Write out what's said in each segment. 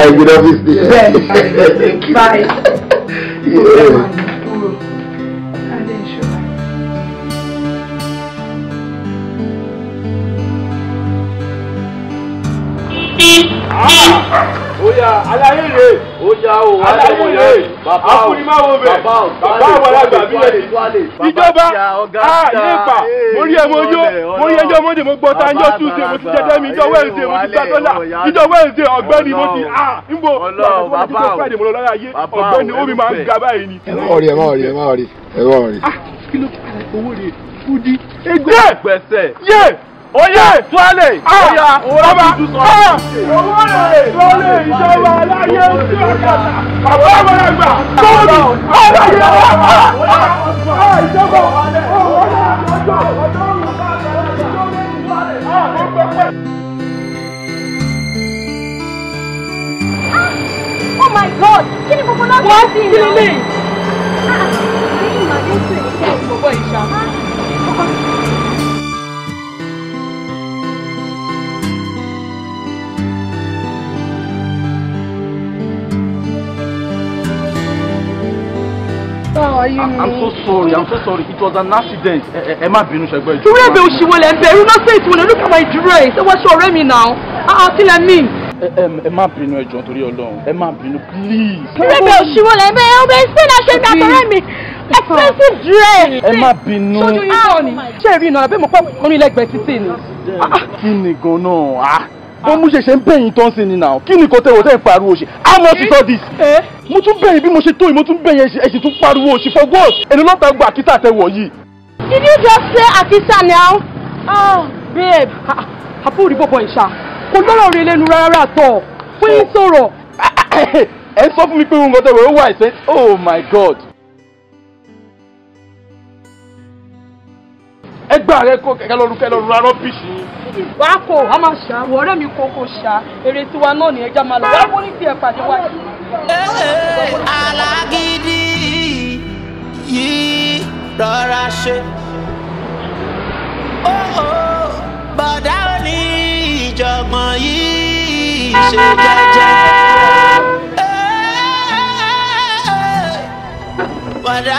máa ń Bye. bí sí. bẹ́ẹ̀ ni báyìí ìgbésẹ̀ máa ń kúrò adé ìṣòro. Ah! oya alaye oya o alaye re bàbá o bàbá o bàbá àgbàlagbà bí lẹ́yìn ìjọba a nípa mo rí ẹmọ yó mo rí ẹjọ́ mọ́dé mo gbọ́ tanjọ́ túnṣe mo ti jẹ́ dẹ́mi ìjọ wẹ́ẹ̀sì mo ti gbà dọ́là ìjọ wẹ́ẹ̀sì ọ̀gbẹ́ni mo ti a nbọ bàbá o friday mo lọ láyà yé ọ̀gbẹ́ni omi máa ń ga báyìí ni. ẹ má rí ẹ má rí ẹ má rí ẹ má rí. kí ló owó rẹ̀ fúdi. ego gbẹ̀sẹ̀ oyè tuwálé ọyà ọba owóore tuwálé ìjọba aláyé ojú ọ̀kadà bàbá ọmọ ẹgbà tóbi aláyé ọba ìjọba ọwọ́lá ọjọ́ ọjọ́ ìgbà àgbẹ̀pẹ̀pẹ̀. Oh my God! kí ni gbogbo náà. wọ́n ti ń lè. kí ni màdé tó ìṣe ìgbọ̀gbọ̀ ìṣàmù. I'm so sorry. I'm so sorry. It was an accident. Eh, eh, ẹ má bínú ṣẹgbẹ́ ìjọba. Irú ẹ̀bẹ̀ òṣìwò lẹ̀ ń bẹ̀. Irú náà ṣètò lè look at my dress. Ẹ wá ṣe ọ̀rẹ́ mi náà. Àá ah, ah, kí lẹ mí. Ẹ má bínú ẹ jọ̀ọ́ torí Ọlọ́run. Ẹ má bínú please. Irú ẹ̀bẹ̀ òṣìwò lẹ̀ ń bẹ̀. Ọbẹ̀ Spain àṣẹ ìgbà tọ̀rẹ́ mi. Expensive dress. Ẹ má bínú. Ṣojú yìí náà ni. Ṣé ìrìnà àbẹ́mọ̀pọ̀ orin money like ni? Ah, kí Ah, gan-an náà? ó mú ṣẹ̀ṣẹ̀ ń bẹ̀yìn tán sí ni nà kí ni kò wò tẹ́ ń pariwo ṣe how much is all this. Eh? Eh? mo tún bẹ̀yìn bí mo ṣe tó yìí mo tún bẹ̀yìn ẹ̀sì tún pariwo ṣe for what èmi lọ́ta gba àkítà tẹ yìí. did you just say àkítà now? ah babe àbúrò rí bọ̀bọ̀ ìṣá kò lọ́rọ̀ rí lẹ́nu rárá tọ̀ fún yín sọ̀rọ̀. ẹ sọ fún mi pé òun kò wẹ̀ ó wà ẹ̀sẹ̀ oh my god. ẹgbẹ́ rẹ kó kẹ̀kẹ́ lọ́rùn kẹ́ lọ́rùn arọ́ bìṣì yín. wà a máa ṣá àwọn ọ̀rẹ́ mi kó kó ṣá èrè tiwa náà ní ẹja máa lọ wá wọ́n ní pàdé wá. alágídí yìí rọra ṣe bọ̀dá òní ìjọ̀gbọ̀n yìí ṣe jẹ́jẹ́. bọ̀dá.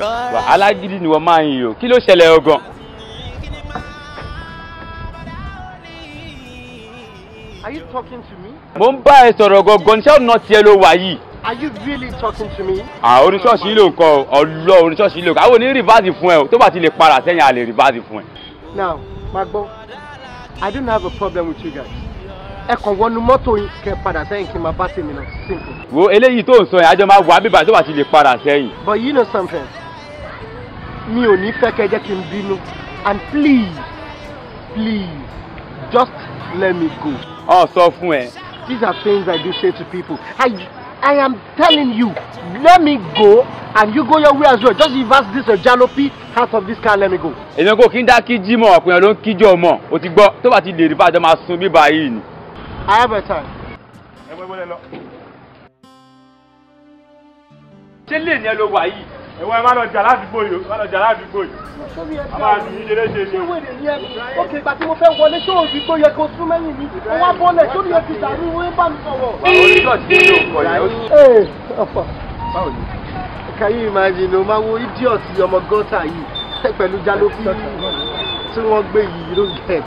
Ah. wà alágídí ni wọ́n máa ń o kí ló ṣẹlẹ̀ ọgàn. Are you talking to me? mo ń bá ẹ sọ̀rọ̀ gangan ṣé ọ̀nà tiẹ̀ ló wà yìí. Are you really talking to me? À orin ṣọ́ọ̀ṣì ló ń kọ ọlọ́ orin ṣọ́ọ̀ṣì ló ń kọ àwọn oní rìvásì fún ẹ o tó bá ti lè para sẹ́yìn a rìvásì fún ẹ. Now, máa gbọ́, I don't have a problem with you guys. Ẹ kàn wọnú mọ́tò kẹ padà sẹ́yìn kí n máa bá tèmi náà simple. Wo eléyìí tó ń sọ yẹn, àjọ máa wà bíbá tó bá ti lè para sẹ́yìn. But you know something? mi ò ní fẹ́ kẹ́ jẹ́ kí n bínú and please please just let me go. ọ sọ fún ẹ. these are things i do say to people i i am telling you let me go and you go your way as well just give us this jalopy out of this car let me go. èmi kò kí n dá kí jímọ̀ ọ̀pìnrin ló ń kíjọ mọ̀ o ti gbọ́ tó bá ti lè rí bàjọ́ máa sun bíbá yìí ni. i have a time. ẹ wẹ́wẹ́ lẹ lọ. ṣé lè ní ẹ ló wà yìí ìwọ ẹ má lọ jà ládùúgbò yìí má lọ jà ládùúgbò yìí. sórí ẹ fẹ́ àwọn àdùn ṣe ṣe. ìwé nìyí ìgbà tí mo fẹ́ wọlé ṣé òbí tó yẹ kó sún mẹ́yìn mi mo wá bọ́lẹ̀ sórí ẹ ti dàrú wọ́n bá mi sọ̀rọ̀. báwo ni can you imagine o máa wo idiot ọmọ gọ́tà yìí pẹ̀lú jálófì tí wọ́n gbé yìí ló gẹ̀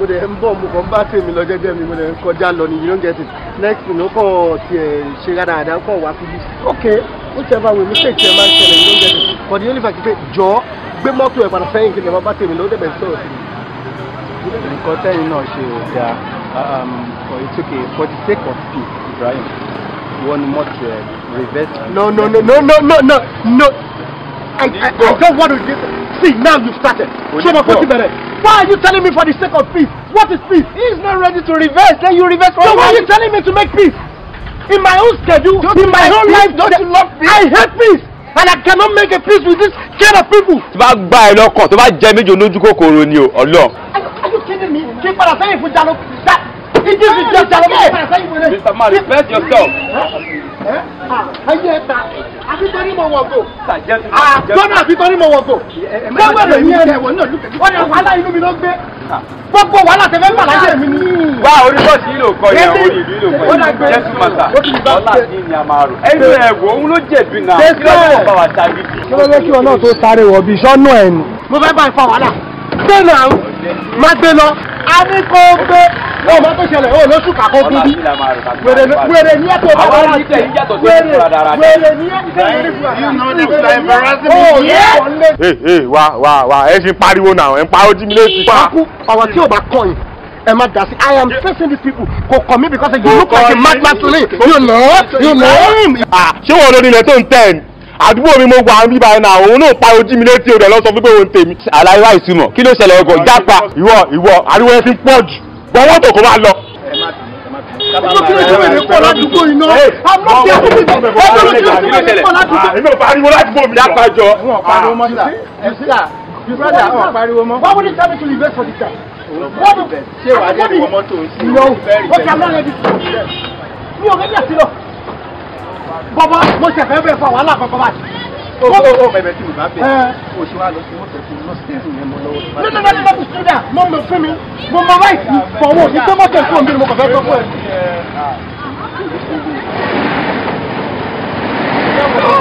mo dẹ̀ ń bọ̀ mo kàn ń bá tèmi lọ jẹ́jẹ́ mi mo dẹ̀ ń kọjá lọ ni you don't get it next thing ó kàn tiẹ̀ ṣe rárá àdá ó kàn wá síbi ok whichever way mistake ṣe máa ń ṣẹlẹ̀ ló ń jẹ́ tèmi but the only fact is jọ gbé mọ́tò ẹ̀ padà sẹ́yìn kí ni bàbá tèmi ló dẹ̀bẹ̀ sọ̀rọ̀ sí mi. nǹkan tẹ́yìn náà ṣe ò dáa for um, it's okay for the sake of peace Ibrahim wọ́n ni mọ́tò ẹ̀ reverse. no no no no no no no no I, I, I don't want to get see now you started. ṣé mo kó ti Why are you telling me for the sake of peace? What is peace? He is not ready to reverse. Then you reverse. So why are you telling me to make peace? in my own schedule, don't in my own life. Don't you love peace? I hate peace. And I cannot make a peace with this kind of people. Tí bá gba ẹ lọ́kàn tó bá jẹ méjì olójú kòkòrò ni o, ọlọ. Are you kidding me? Kí padà sẹ́yìn fún Jalo. It is just Jalo. Mr. Man, respect yourself. Eh? ayé ah, ẹta àfitọ́ ah, ní mọ̀ wọ̀gò àtọ́nà àfitọ́ ní mọ̀ wọ̀gò lọ́gbọ̀dọ̀ yín ẹ̀rẹ̀ wọ̀ náà lùkẹ́ ọ̀dà wàhálà inú mi ló gbé ah. gbogbo wàhálà tẹ̀fẹ́ fà láyé mi ni. wá orí bọ́ọ̀sì yìí ló kọ yẹn orí ìlú ló kọ yẹn jésù mọ́tà ọ̀là sí ni a máa rò. ẹnu ẹ̀wò òun ló jẹ̀bi náà kí ló wọ̀ bá wa ta gidi. kí ló lé kí ọ náà tó sáré wọ̀ bí sọ́nù ẹ̀ nù. mo fẹ́ bá ẹ fa wàhálà sẹ́nà máa gbé lọ a ní kó gbé wọn bá tó ṣẹlẹ̀ o lóṣù kàkó fún bí wèrè ní ẹ̀tọ́ bá wà láti wèrè wèrè ní ẹ̀tọ́ wà wà wà ẹ ṣe pariwo náà ẹ ń pariwo jí mi létí. ọ̀rọ̀ tí ò bá kọ́ yìí am not dancing. I am facing these people. Go come me because you look like a madman to me. You know, you know. Ah, ṣé wọn lórí ilẹ̀ tó ń tẹ̀ ẹ́? àdúgbò mi mo wà ń bíbá ẹ̀nà òun náà pa ojú mi létí odò lọ́sọ fún pé òun tèmi. aláìwá ìsúmọ̀ kí ló ṣẹlẹ̀ ọgọ̀ jápa ìwọ ìwọ ariwo ẹ ti ń pọ̀ jù gbọ́wọ́ tó kó máa lọ. mi. ò rẹ́dí àti lọ bọ́bá mo ṣe fẹ́ bẹ̀rẹ̀ wàhálà kankan báyìí. o o o bẹ̀bẹ̀ tí mo bá bẹ̀ o ṣe wa lọ sí mọ́tò fún nọ́ọ̀sì yẹn mọ́ lọ́wọ́. ní ní ní ní sùdà mo mọ̀ fún mi mo mọ ráìtì fọwọ́ ní pé mọ́tò fún mi mo kàn fẹ́ sọ fún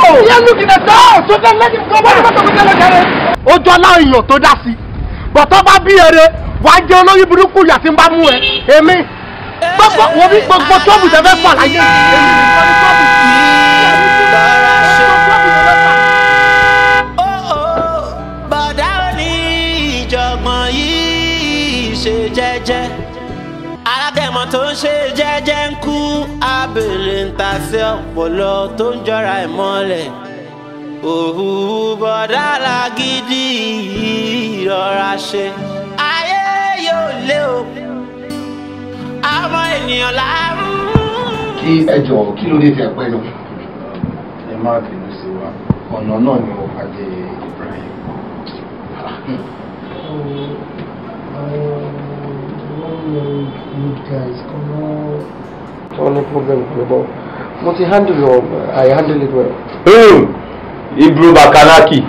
ẹ. yẹ́n lùkì tó dá sí bọ̀tọ́ bá bí eré wàá jẹ́ olóyún burúkú yàtí ń bá mú ẹ èmi gbogbo wo bí gbogbo tóbi tẹ fẹ́ fà láyé bọ̀dá òní ìjọ̀gbọ̀n yìí ṣe jẹ́jẹ́ aládẹ̀mọ tó ń ṣe jẹ́jẹ́ ń kú abèlè ń ta sí ọ̀pọ̀lọ tó ń jọra ẹ̀ mọ́lẹ̀ òhù bọ̀dá làgídí ìrọ̀ra ṣe ayé yóò lé òkú ọmọ ènìyàn láàrú. kí ẹ jọ̀ọ́ kí ló dé tẹ̀ pẹ́ lọ. ẹ má bínú sí wa ọ̀nà náà ni mo pàdé Ibrahim. Oh, no problem, Bobo. Mo ti handle your, I handle it well. Mm. Ibru Bakanaki,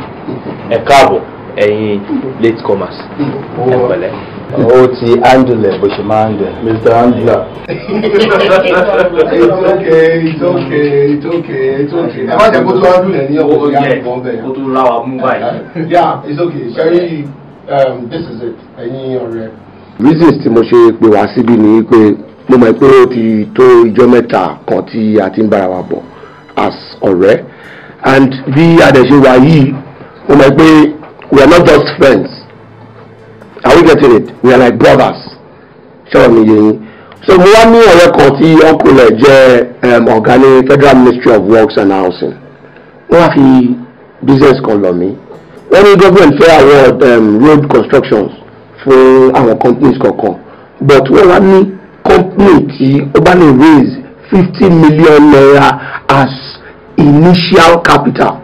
ẹ káàbọ̀, ẹ̀yin late comers, Oh. pẹ̀lẹ́ ó ti handle bó ṣe máa handle. mr handler. it's okay it's okay it's okay it's okay ẹ má jẹ́ kó tó handle ní ọ̀pọ̀ oh, ìyá àgbọ̀n bẹ́ẹ̀. kó tó láwa mú báyìí. yeah it's okay ṣẹ́rí um, this is it ẹ̀yin ọ̀rẹ́. reasons tí mo ṣe pé wá síbí ni pé mo mọ̀ pé ó ti tó ijọ́ mẹ́ta kan tí a ti ń bára wa bọ̀ as ọ̀rẹ́ and bí adẹ̀ṣe wa yìí mo mọ̀ pé we are not just friends are we getting it we are like brothers ṣọ́ọ̀ mi yẹn so mo wá ní ọ̀rẹ́ kan tí uncle ẹ̀ jẹ́ um, ọ̀gá ní federal ministry of works and housing wọ́n á fi business kan lọ mí wọ́n ní government fẹ́ award um, road constructions fún àwọn companies kọ̀ọ̀kan but wọ́n wá ní company tí ó bá lè raise fifty million naira as initial capital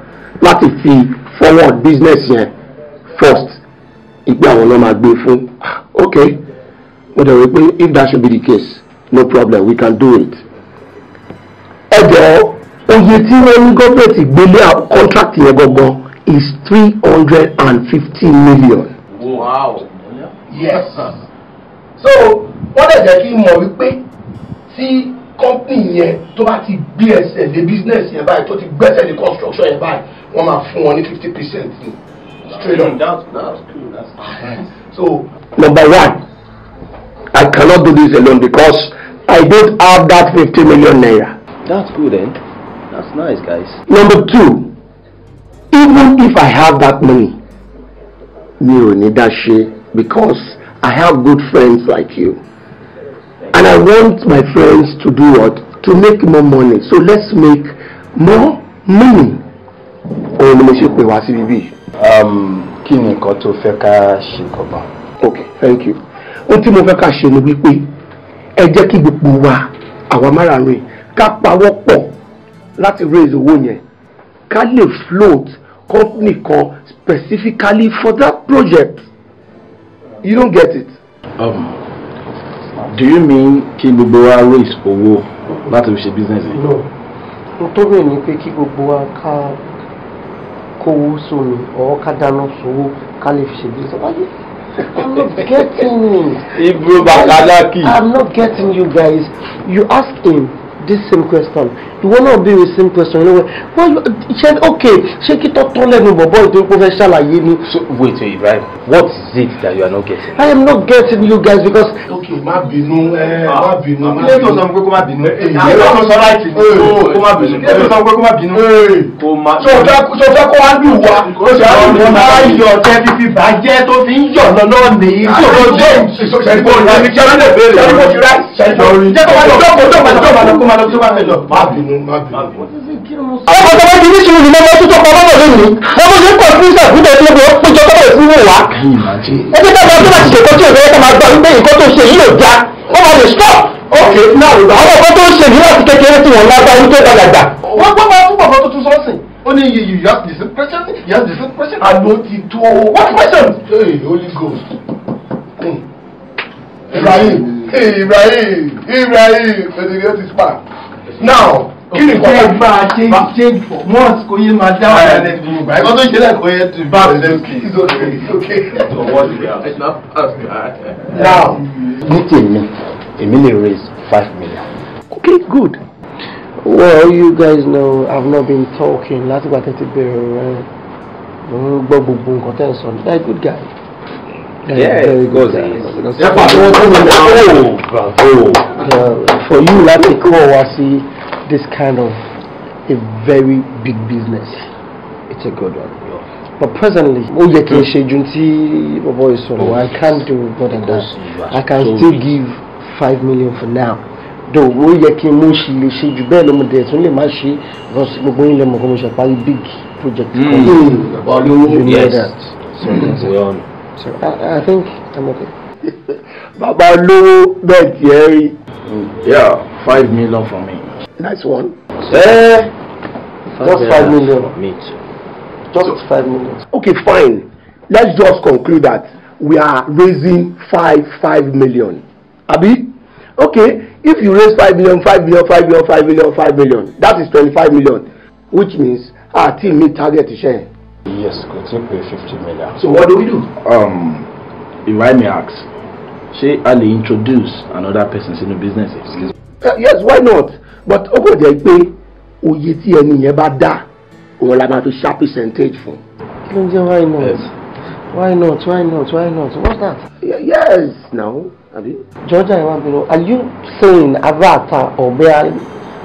láti fi forward business yẹn first ìpè àwọn ló máa gbé fún ok mo dẹ̀ wí pé if that should be the case no problem we can do it. ẹ jọ̀ọ́ oye tí wọ́n ní gọ́ọ̀mẹ̀ntì gbélé contract yẹn gangan is three hundred and fifty million. wow yes so wọ́n dẹ̀ jẹ́ kí n mọ̀ wípé tí company yẹn tó bá ti gbé ẹsẹ̀ lé business yẹn báyìí tó ti gbẹ́sẹ̀ lé construction yẹn báyìí wọ́n máa fún wọn ní fifty percent ni. Straight on. That's, that's cool. That's so, number one, I cannot do this alone because I don't have that 50 million naira. That's good, eh? That's nice, guys. Number two, even if I have that money, mi ò ní because I have good friends like you. And I want my friends to do what? To make more money. So let's make more money. Òun ni mo ṣe pè Um, kí ni nǹkan tó fẹ́ ká ṣe gangan. ok thank you ohun tí mo fẹ́ ká ṣe ni wípé ẹ jẹ́ kí gbogbo wa àwa márààrin ká pawọ́ pọ̀ láti raise owó yẹn ká lè float company kan specifically for that project you don't get it. Um, do you mean kí gbogbo wa raise owó láti fi ṣe business yìí. no n tó bẹ̀ ni pé kí gbogbo wa ká kówó sómi ọwọ́ ká dáná sówó ká lè fi ṣègbè sọ wáyé I'm not getting it. Bakalaki. I'm not getting you guys. You ask him this same question not be the same question you know what ṣe ok ṣé kí tó tán lẹ́nu bọ̀bọ̀ ìtorí pé ó fẹ́ ṣàlàyé ni. so wait wait Ibrahim what is it that you are not getting. I am not getting you guys because. Okay, ok má bínú má bínú. ilé tó sọ pé kó má bínú. ilé tó sọ láìsí kó má bínú. ilé tó sọ pé kó má bínú. kó má. so fẹ́ kó wá lù wá. o ṣe àwọn ọmọ náà yọ ọ̀tẹ́ fífi bàjẹ́ tó fi ń yọ̀ lọ́lọ́ nìyí. ìṣòro jẹ́ ìṣòro ṣẹ́ni kò rí. ṣẹ́ni kò rí. ṣẹ́ni kò rí. ṣẹ́ni kò rí máa lọ sí wàá ẹjọ́. má bínú má bínú. àwọn ọ̀dọ́ wọn ti ní sùúrù nínú ọmọ tuntun kan lọ́wọ́ lónìí ọmọ yìí kọ̀ fún ìṣàkóso ẹgbẹ́ ìgbẹ́ péjọ tó bẹ̀rẹ̀ sí wò wá. ẹgbẹ́ tó bá tó bá ti ṣèkọ́ tí òṣèré kan máa gbọ́ wípé nǹkan tó ṣe yìí ò já ó máa lè stop. ok náà ìgbà àwọn ọkọ tó ń ṣe yìí láti kékeré tí wọn lágbá wípé dàgbàgbà. wọ́n gbọ́ máa fún bàbá tuntun sọ́ọ̀sì ó you you the same question you ask the same question and ó ti tó what question. hey holy ghost. Hmm. Ibrahim. Ibrahim Ibrahim Federico ti spa now kí ni kọ́kọ́ bá a ṣe ṣe mọ́ọ̀sì kò yé máa dá wàhálà lẹ́nu gbogbo àìkọ́ tó ń ṣe lẹ́kọ̀ọ́ yẹn ti bá mi lẹ́nu kì í ṣe òkè òkè. now ní tèmi èmi lè raise five million. okay good. well you guys know I've not been talking láti gba tẹ́tí bẹ̀rẹ̀ rẹ̀ mo ń gbọ́ gbogbo nǹkan tẹ́ ń sọ like good guys. Yeah, yeah very good. Oh, for you láti kó ọ wá sí this kind of a very big business, it's a good one. But presently, ó yẹ kí n ṣe ju tí bàbá yìí sọ̀rọ̀, oh, I can't do more than that. I can still give five million for now Though ó yẹ kí n mú ṣe lè ṣe jù bẹ́ẹ̀ lọ́mọdé ẹ̀ tún lè má ṣe because gbogbo yín lè mọ̀ kó mo ṣe parí big project kan. ọlọ́wọ́ hmm. yes. So I, I think I'm okay. Baba lówó bẹ́ẹ̀ tí Yeah, five million for me. Nice one. Eh? just five million. Me too. Just so, five million. Okay, fine. Let's just conclude that we are raising five five million. Abi? Okay, if you raise five million, five million, five million, five million, five million, that is twenty-five million, which means our team meet target share yes kò tí ì pé fifty million. so what do we do. Um, if I may ask She a introduce another person in the business. Uh, yes why not but ó kò pay, pé oye tí ẹni yẹn bá dá òun la máa fi sharp percentage for. kí ló why not. Why not? Why not? Why not? What's that? yes, now. Georgia, I want to know, are you saying Avata or Bear?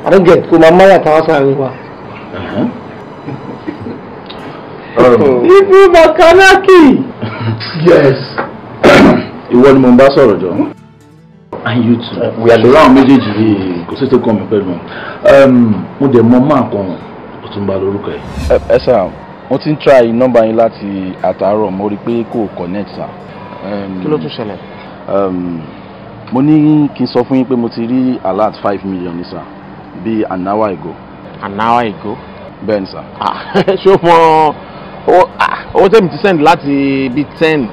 I don't get it. Kò máa máyà táwọn sáré wa. Uh-huh. Ibu Makanaki. Yes. Ìwọ ni mo ń bá sọ̀rọ̀ jọ. And you too. Wì àlọ́rọ̀ àwọn méjèèjì yìí kò sí tó kàn mí pẹ̀lú. Um, mo dẹ̀ mọ máa kan Ọ̀túnba lórúkọ ẹ̀. Ẹ sà, mo ti ń try nọ́mbà yín láti àtàárọ̀ mo rí i pé kò connect sà. Um, kí ló tún ṣẹlẹ̀? Um, mo ní kí n sọ fún yín pé mo ti rí alert five million ní sà bíi an hour ago. An hour ago? Bẹ́ẹ̀ni sà. Ah, ṣé o mọ. Ah, owó tẹ̀mí ti send láti bíi ten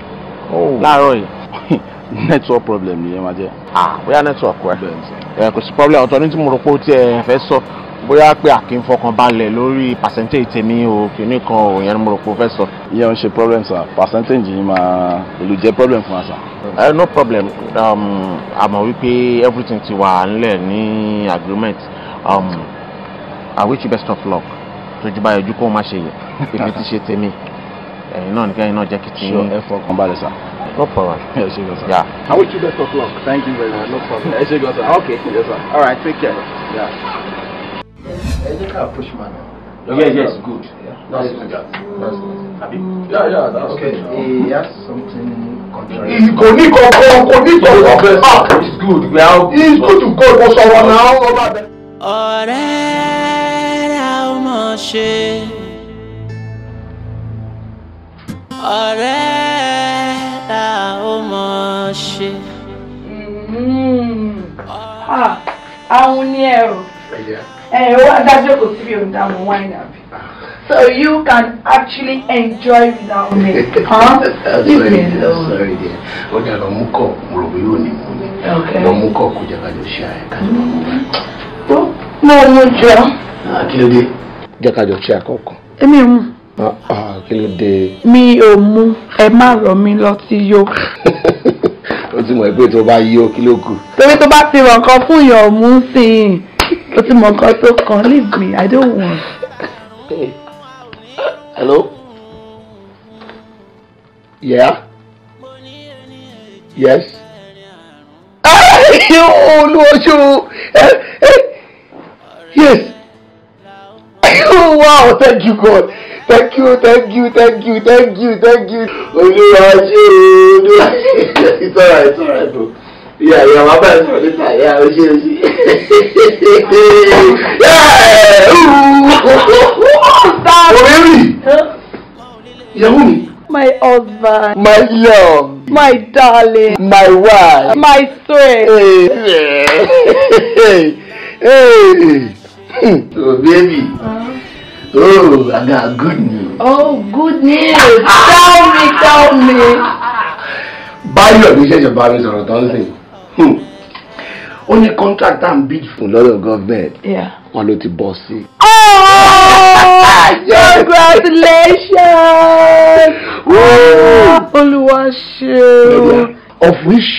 oh. láàárọ̀ yìí network problem nìyẹn máa jẹ́. Ah, bóyá network ẹ eh, kò sí problem ọ̀tọ̀ ní tí mo rò pé ó tiẹ̀ fẹ́ sọ bóyá pé àkín fọkàn balẹ̀ lórí percentage tèmi o kìíní kan o yẹn mo rò pé ó fẹ́ sọ. ìyẹn ń ṣe problem sir percentage yìí máa èlò jẹ́ problem fún wa sir. ẹ eh, no problem àmọ́ um, wípé everything ti wà nílẹ̀ ní agreement um, I wish you best of luck tójú bá yọjú kó má ṣe yẹ èmi ti ṣe tèmi ẹ̀yin náà nìkan ẹ̀yin náà jẹ́ kí ti yín. ẹ fọkàn balẹ̀ sá. no problem. ẹ ṣe gbọ́sà. yeah. I wish you best of luck. thank you very much. no problem. ẹ ṣe gbọ́sà. okay yes sir. all right take care. Yeah. ẹ jẹ́ ká approach man. yeah yes good. Yeah. that's good. that's good. abi. yeah yeah that's okay. he has something contrary. kò ní kankan good. Ah! He's good to go. mo sọ̀rọ̀ náà. ọ̀rẹ́ lára ọmọ ṣe ọ̀rẹ́ là ó mọ ṣe. àwọn ní ẹrù ẹ wá dájọ́ kò síbi òun dáhùn wáìnì àbí. So you can actually enjoy without me. Huh? Leave me dear. Ọjà lọ mú kọ̀ mo rò pé yóò ní mú ni. Lọ tó náà ló jẹun. kí ló dé. jẹ́ ká jọ ṣe àkọ́kọ́. èmi ò mú. Ah, ah, kí mi ò mú ẹ má rọ̀ mí lọ́tí yó. o ti mọ̀ pé tó bá yó kí ló kù. torí tó bá ti rọ̀ nǹkan fún ìyàn mú sí i o ti mọ̀ nǹkan tó kàn leave me i don't want. Hey. hello. yeah. yes. olùwọ́sọ ẹ ẹ. Yes. Oh, wow, thank you, God. Thank you, thank you, thank you, thank you, thank you. Olúwaṣe Olúwaṣe. It's alright, it's alright, bro. Yeah, yeah, my bad for this time. Yeah, Olúwaṣe Olúwaṣe. Yeah! Who? Ooh! Orí! Ìyàwó mi. My husband. My love. My darling. My wife. My strength. Hey. Hey. hey. oh baby. Uh-huh. Oh, I got good news. Oh, good news. tell me, tell me. Báyọ̀ ní ṣẹ̀ṣẹ̀ bá mi sọ̀rọ̀ tán sí. Hmm. Ó contractor and bid for fún of government. Yeah. ló little bossy. Oh, Congratulations! Olúwa ṣe o. Of which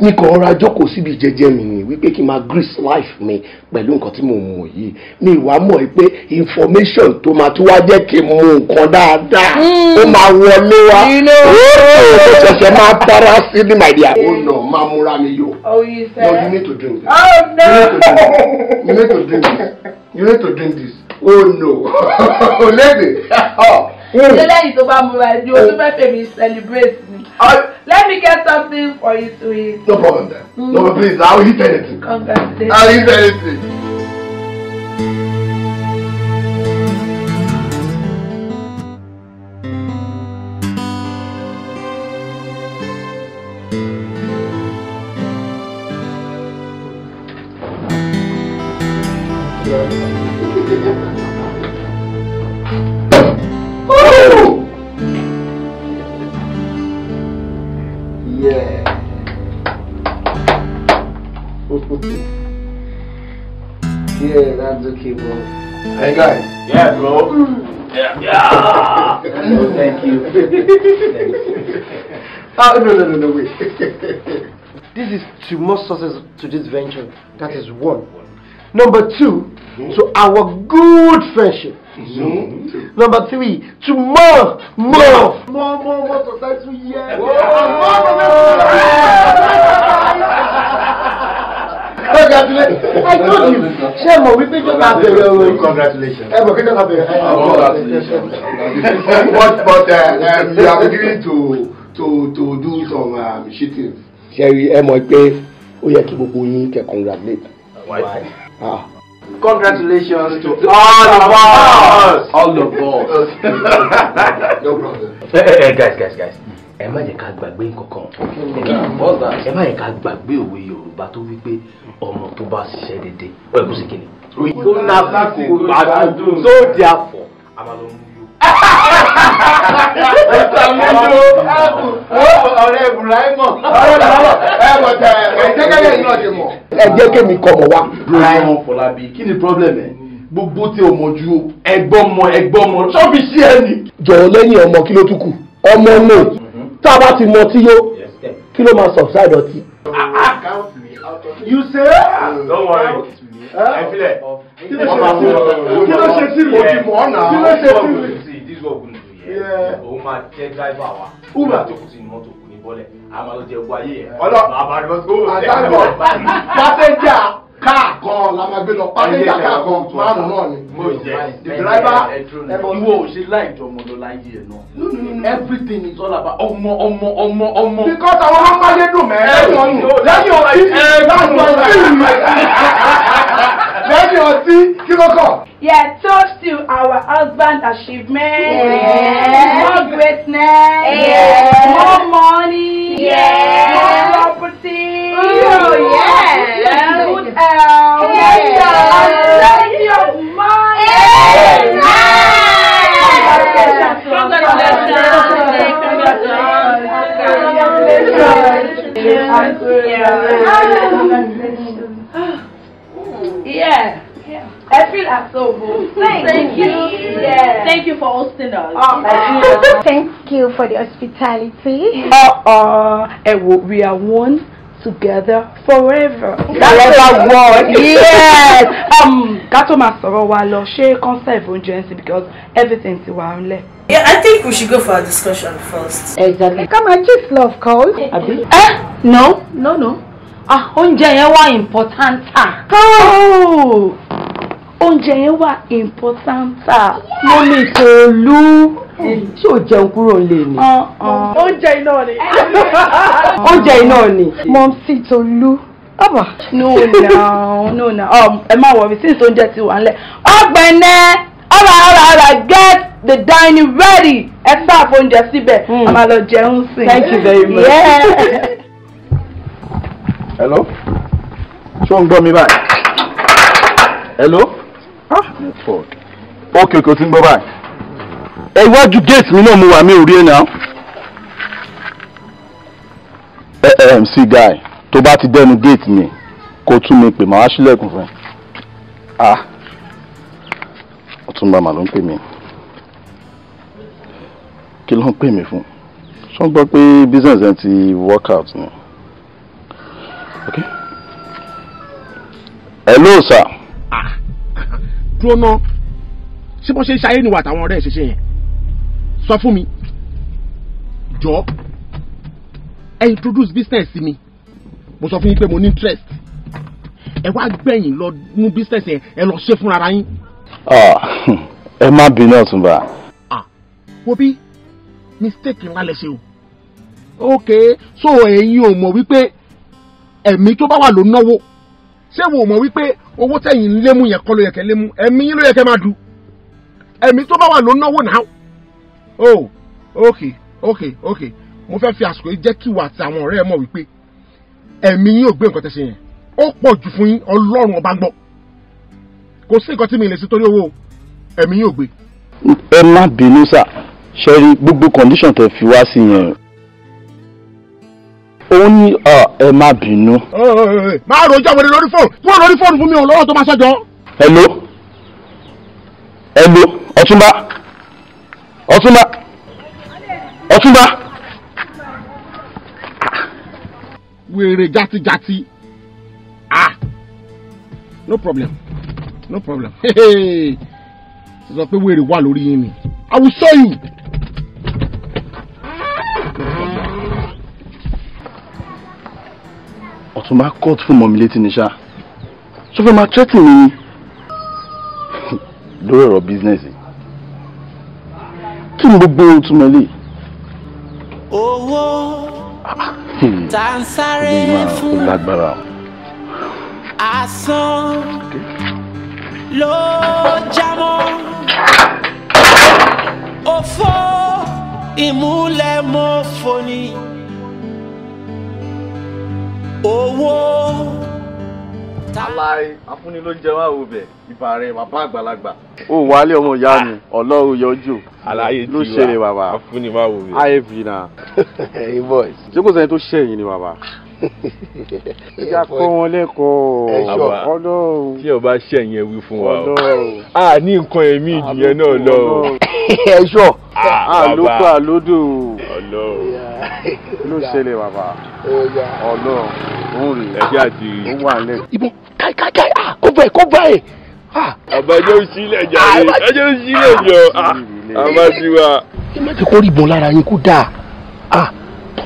mi kàn rọra jókòó síbi jẹ́jẹ́ mi ni wípé kí n máa grease life mi pẹ̀lú nǹkan tí mo mọ̀ yìí mi ìwà mọ̀ pé information tó máa tún wá jẹ́ kí n mú nǹkan dáadáa ó hmm. máa wọlé wá ó ṣẹ̀ṣẹ̀ máa tara sí ní màdìyà. ó nà máa múra mi yó oh, no you need to drink this oh, no. you need to drink this you need to drink this oh no olóde. Hmm. ṣé lẹ́yìn tó bá múra ẹni o tún hmm. fẹ́ fẹ́ mi celebrate ni. let me get something for you to eat. no problem then. Mm. no please i will eat anything. congratulations. i will eat anything. Oh, no, no, no, no, wait. this is to more sources to this venture. That is one. Number two, mm-hmm. to our good friendship. Mm-hmm. mm-hmm. Number three, to more, more. More, more, more society, yeah. More, more, Congratulations. I told you. Shemo, we picked up after Congratulations. Shemo, picked up after you. Congratulations. But, but, uh, um, uh, you are beginning to to to do some um, uh, shooting. ṣẹ́rí ẹ mọ̀ pé ó yẹ kí gbogbo yín kẹ́ congratulate. Ah. Congratulations to all of us. All of us. No problem. Hey, eh, eh, hey, eh, guys, guys, guys. Ẹ má jẹ́ ká gbàgbé nǹkan kan. Ẹ má jẹ́ ká gbàgbé òwe Yorùbá tó wí pé ọmọ tó bá ṣiṣẹ́ dédé. Ó yẹ kó ṣe kí ni. Ó ná fún kò So therefore, ìsàmúlò ọ̀rẹ́ ìbùráìmọ̀ ọ̀rẹ́ ìbùráìmọ̀ ẹ̀wọ̀ tẹ̀ ẹ̀jẹ̀kẹ̀kẹ̀ kí ni problem ẹ gbogbo tí o mọ̀ ju ẹ̀gbọ́n mọ ẹ̀gbọ́n mọ ṣọ́ọ̀bì sí ẹ ni. jọ̀wọ́ lẹ́yìn ọmọ kí ló tún kù ọmọ náà tá a bá ti mọ tí yó kí ló máa subside ọtí. you say. don't worry ẹ filẹ kí ló ṣe sí mi kí ló ṣe sí mi bísí ọ̀gùn nìlú yẹn òun máa jẹ́ dáìbà wa nígbà tó kù sí mọ́tò kù ní bọ́lẹ̀ a máa lọ jẹ owó ayé yẹn. ọlọ àtàgbọ pàtẹ́jà káà kan la máa gbé lọ pàtẹ́jà káà kan márùn náà ni. mo jẹ the driver iwọ ò ṣe láì jọ ọmọ lọ láyé ẹ náà everything is all about ọmọ ọmọ ọmọ ọmọ. because àwọn amáyédùn mẹ́rin lẹ́yìn ọ̀sìn lẹ́yìn ọ̀sìn lẹ́yìn ọ̀sìn. lẹ́yìn ọtí kí ló kọ̀. Yeah, toast to our husband achievement. Yeah. More greatness. Yeah. More money. Yeah. More property. Oh, yeah. yeah. Good health. Yeah. Yeah. And plenty of money. Yeah. Congratulations. Congratulations. Congratulations. Congratulations. Congratulations. Congratulations. Yeah. Yeah. I feel so good. Thank, Thank you. you. Yeah. Thank you for hosting us. Oh, Thank you for the hospitality. Uh, uh, and we are one together forever. That's a word. Yes. Um, Gato masoro máa sọ̀rọ̀ wa lọ, ṣé because everything's ti wà Yeah, I think we should go for a discussion first. Exactly. Come on, just love, call. Abi? Eh? No, no, no ah oúnjẹ yẹn wà ìmpọtántà. oúnjẹ yẹn wà ìmpọtántà mọ́mí tòlú ṣé o jẹun kúrò lè ní. Ah, ah. oúnjẹ iná ni. oúnjẹ iná ni. mọ́mí tòlú. Aba. No now, no now. Um, oh, ẹ má wọ̀rì since oúnjẹ ti wà nílẹ̀. Ọ̀gbẹ́nẹ́, ọ̀rà ọ̀rà ọ̀rà get the dining ready. Ẹ sáà fóúnjẹ síbẹ̀. Hmm. A máa lọ jẹun sí. Thank you very much. Yeah. hello ṣó ń gbọ́ mi báyìí hello ah. ok ok o ti ń gbọ́ báyìí ẹ iwájú gate mi náà mo wà mí ò rí ẹ náà ẹ MC guy tó bá ti dẹnu gate mi kó tún mi pè màá wá sílẹ̀kùn fún ẹ ah ọ̀túnba mà ló ń pè mí kí ló ń pè mí fún ṣó gbọ́ pé business ẹ ti work out ni okay. hello sir. Ah, dúró ná ṣé bó ṣe ń ṣayé níwà táwọn ọ̀rẹ́ ẹ̀ ṣe ṣe yẹn sọ fún mi jọ ẹ introduce business mi mo sọ fún yín pé mo ní interest ẹ wá gbẹ̀yìn lọ mú business yẹn ẹ lọ ṣe fúnra ara yín. Ah, ẹ má bínú ọ̀túnba. Ah, wo bí mistake ńlá lẹ ṣe o ok so èyí ò mọ̀ wípé ẹ̀mí tó bá wà ló náwó ṣé wo mọ̀ wípé owó tẹ̀yìn lémú yẹn kọ́ ló yẹ kẹ́ lémú ẹ̀mí yín ló yẹ kẹ́ máa du ẹ̀mí tó bá wà ló náwó náà o oh, ok ok ok mo fẹ́ fi àsìkò yìí jẹ́ kí wà àti àwọn ọ̀rẹ́ ẹ mọ̀ wípé ẹ̀mí yín ò gbé nǹkan tẹ̀sí yẹn ó pọ̀ jù fún yín ọlọ́run ọba gbọ́ kò sí nǹkan tí mi lè ṣe torí owó ẹ̀mí yín ò gbé. ẹ má bínú sà ṣe rí gbogbo condition tẹ fi wá sí yẹn òun ni ẹ má bínú. máa rojọ́ wẹ̀rẹ̀ lórí fóònù fóònù lórí fóònù fún mi ò lọ́wọ́ tó máa ṣẹ́jọ́. hello hello ọ̀túnba ọ̀túnba ọ̀túnba. wèrè jatijati ah no problem no problem sọ pé wèrè wà lórí yín ni i will show you. ọ̀tún bá court fún mọ́mi létí ni ṣá ṣó fẹ́ máa threaten ni lórí ọ̀rọ̀ business kí ni gbogbo ohun túmọ̀ lè. owó tá ń sáré fún asán ló jámọ́ òfò ìmúlẹ̀ mọ́fọ́ ni owó. aláì afúnni ló ń jẹ máa wo bẹ ìbà rẹ bàbá àgbàlagbà. ó wálé ọmọ ìyá mi ah. ọlọ́run yọjú ló ṣe ni bàbá afúnni máa wo bẹ. ayé fi na. ṣé kò sẹ́ni tó ṣẹ̀yìn ni bàbá ẹ jà kọ́ wọn lẹ́kọ̀ọ́ ọlọ́run. tí o bá ṣẹ̀yìn ewu fún wa o a ní nǹkan ẹ̀mí ìdìyẹn náà lọ o. ẹ ṣọ àlòkù àlódò ló ṣẹlẹ̀ bàbá ọlọ́run òun rè é ah, ah. ó wà lẹ́kọ̀ọ́. ìbọn káìkáì kó bẹ́ẹ̀ kó bẹ́ẹ̀ àbájọ sílẹ̀ jàre àbájọ sílẹ̀ jọ àbájọ wa. ẹ má ah, ti kórìbọn lára yín kó dáa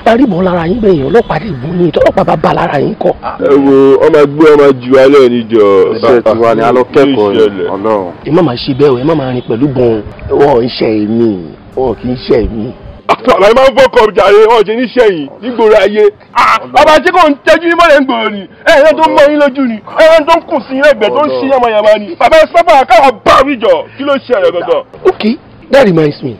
parímọ̀ lára yín bẹ̀yìn ọlọ́pàá lè mú yín tọ́lọ́pàá bá ba lára yín kọ́. ẹ wo ọmọ ẹgbẹ́ ọmọ ju alẹ́ níjọ. iṣẹ́ tiwa ni alọ́ kẹ́kọ̀ọ́ ọlọ́run. ẹ má máa ṣe bẹ́ẹ̀ o ẹ má máa rin pẹ̀lú gan wọn iṣẹ́ èmi wọn kì í ṣe èmi. àtàlà yìí máa ń fọkọ̀ jàre ọ̀jẹ̀ níṣẹ́ yìí nígboro ayé. bàbá ṣé kò ń tẹ́jú ní mọ́lẹ̀ gbòòrò ni ẹ̀rọ tó mọ okay that reminds me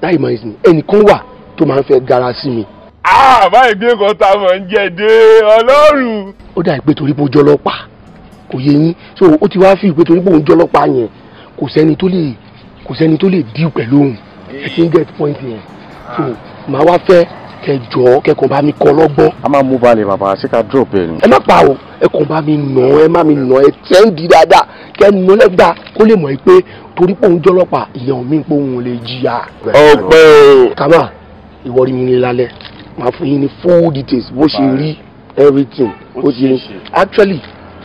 that reminds me ẹnìkan wà tó máa ń mi àbá ah, ìgbé nǹkan tá a mọ̀ ń jẹ dé ọlọ́run. ó dà ìpè torí pé ó kò yé yín so ó ti wá fi ìpè torí pé òun jọlọ́pàá yẹn kò sẹ́ni tó lè kò sẹ́ni tó lè díù pẹ̀lú òun ẹ ti get point yẹn so màá wá fẹ́ kẹjọ kẹkọọ bá mi kọ lọ́gbọ́n. a máa mú balẹ̀ bàbá ṣé ká drop ẹ ni. ẹ má pa o ẹ kàn bá mi nà ẹ má mi nà ẹ tẹ́ ń di dáadáa kẹ́ ẹ nà lẹ́gbàá kó lè mọ̀ pé torí pé òun jọlọ́pàá ìyẹn òun mi pé òun lè jìyà. ọpẹ́ o. kàmá ìwọ rí mi lálẹ́ màá fún yín ní full details bó ṣe rí everything ó ti rí actually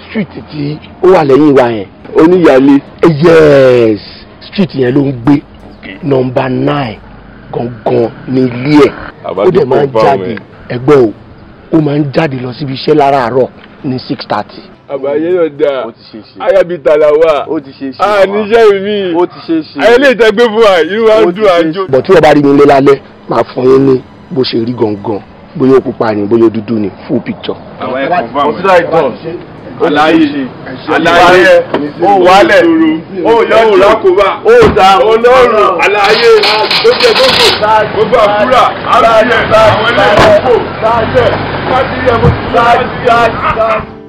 street tí ó wà lẹ́yìn wa yẹn oníyàlé eh, yes street yẹn ló ń gbé nọmba nine gangan ní ilé ẹ̀ ó dẹ̀ máa ń jáde ẹgbẹ́ o ó máa ń jáde lọ síbi iṣẹ́ láràárọ̀ ní six thirty àbáyé náà dáa ayábíta la wà á níṣẹ́ mi ayẹlẹ́ ìtẹ́gbẹ́ fún wa inú wa ń dùn àjò. bọ̀ tí wọ́n bá rí mi lé lálẹ́ màá fún yín ní bó ṣe rí gangan bóyá ó pupa ni bóyá ó dúdú ni full picture. àwọn ẹ̀kọ́ bá wọn consider it done aláyé aláyé ó wálẹ̀ o yọjú lákòóbá ó ta ọlọ́run aláyé lójú gbogbo gbogbo àkúrà àbúrò àwọn ẹlẹ́yìn gbogbo sáájẹ́ sáájẹ́ sáájẹ́.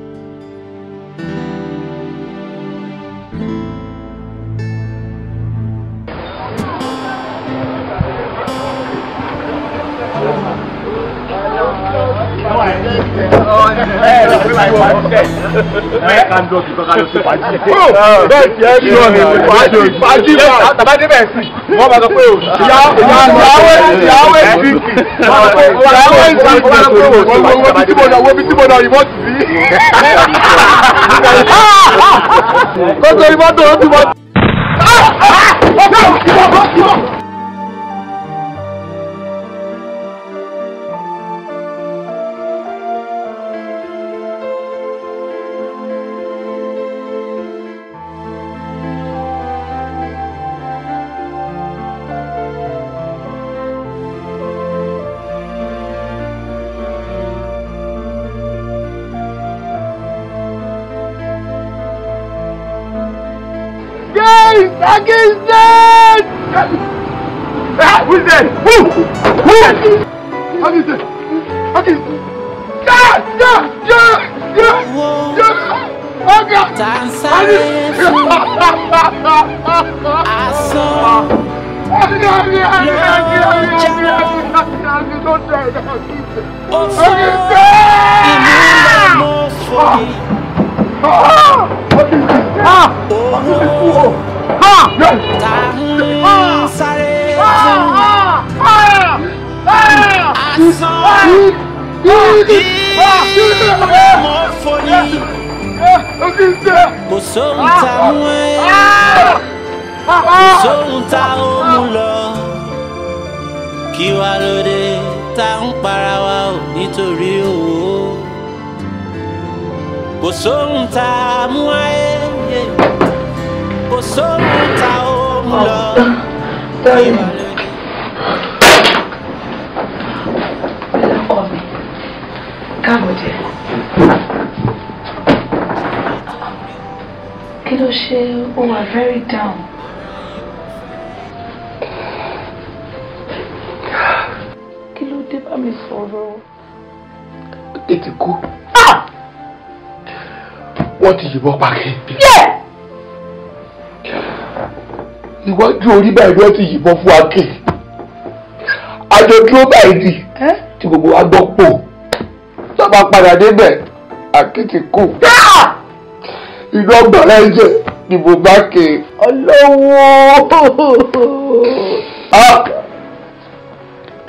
bẹ́ẹ̀ tí ẹ bí ọ̀nà ìfàájì ìfàájì bá tàbá débẹ̀ sí wọ́n bá sọ pé o yàwé yàwé fífi yàwé ìfàájì bá sọ pé o wo bí tí mo lọ wo bí tí mo lọ ìbọn tì sí. kótó ìbọn tó o ti bọ́. sọ̀rọ̀. Adé ti kú. Ah! Wọ́n ti yìnbọn pa kí. Iwájú orí báyìí wọ́n ti yìnbọn fún Akin. Àjọ dúró báyìí ni tí gbogbo wa gbọ́ pò. Sábà padà débẹ̀, Akin ti kú. Ah! Iná gbàrá ẹ̀jẹ̀ ni mo bá ké. Ọlọ́wọ́! Ah!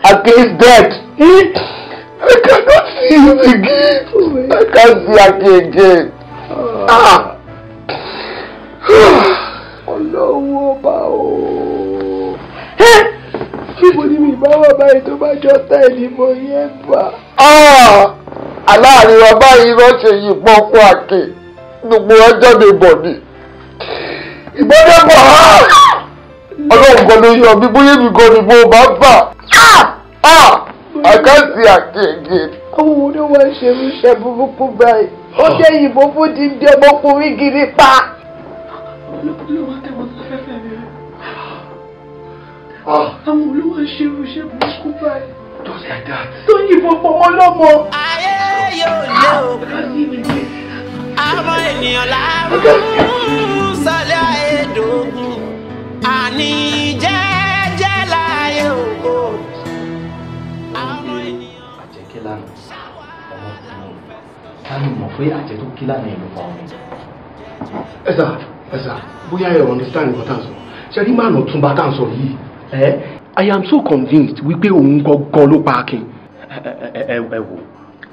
Akin is dead. I cannot see him again. I can't see Aki again. Ah! Oh no, Baba! Hey! mi bá Baba báyìí tó bá jọ tá ẹ̀ ni Ah! Allah bá. Aláàrin ọba irọ́ ṣe yìnbọn fún Aki. No ọjọ́ mi bọ̀ ni. Ìbọn dẹ́ bọ̀ á. Allah kan ló yọ mi bóyá mi gan ni Baba. Ah! Ah! I can't see again again. Àwọn òde wá ṣe mí ṣe burúkú báyìí. Ó jẹ́ ìbò fún dídí ọmọkùnrin gidi pa. Olúwa tẹ̀wọ́n tó fẹ́fẹ́ mi rẹ̀. Àwọn olúwa ṣe irú ṣe burúkú báyìí. Just like that. Tó yìnbọn pọ̀mọ́ lọ́mọ. Ayé yóò lé o. Àwọn ènìyàn láàrú. Sọlá Edogun. Àní jẹ́. sáré mọ̀ pé àjẹ tó kí ìlú pa ọmọ. ẹ bóyá ẹ understand nǹkan tá à ń sọ ṣe rí tá à ń sọ yìí i am so convinced wípé òun gangan ló pa akin. ẹ ẹ wò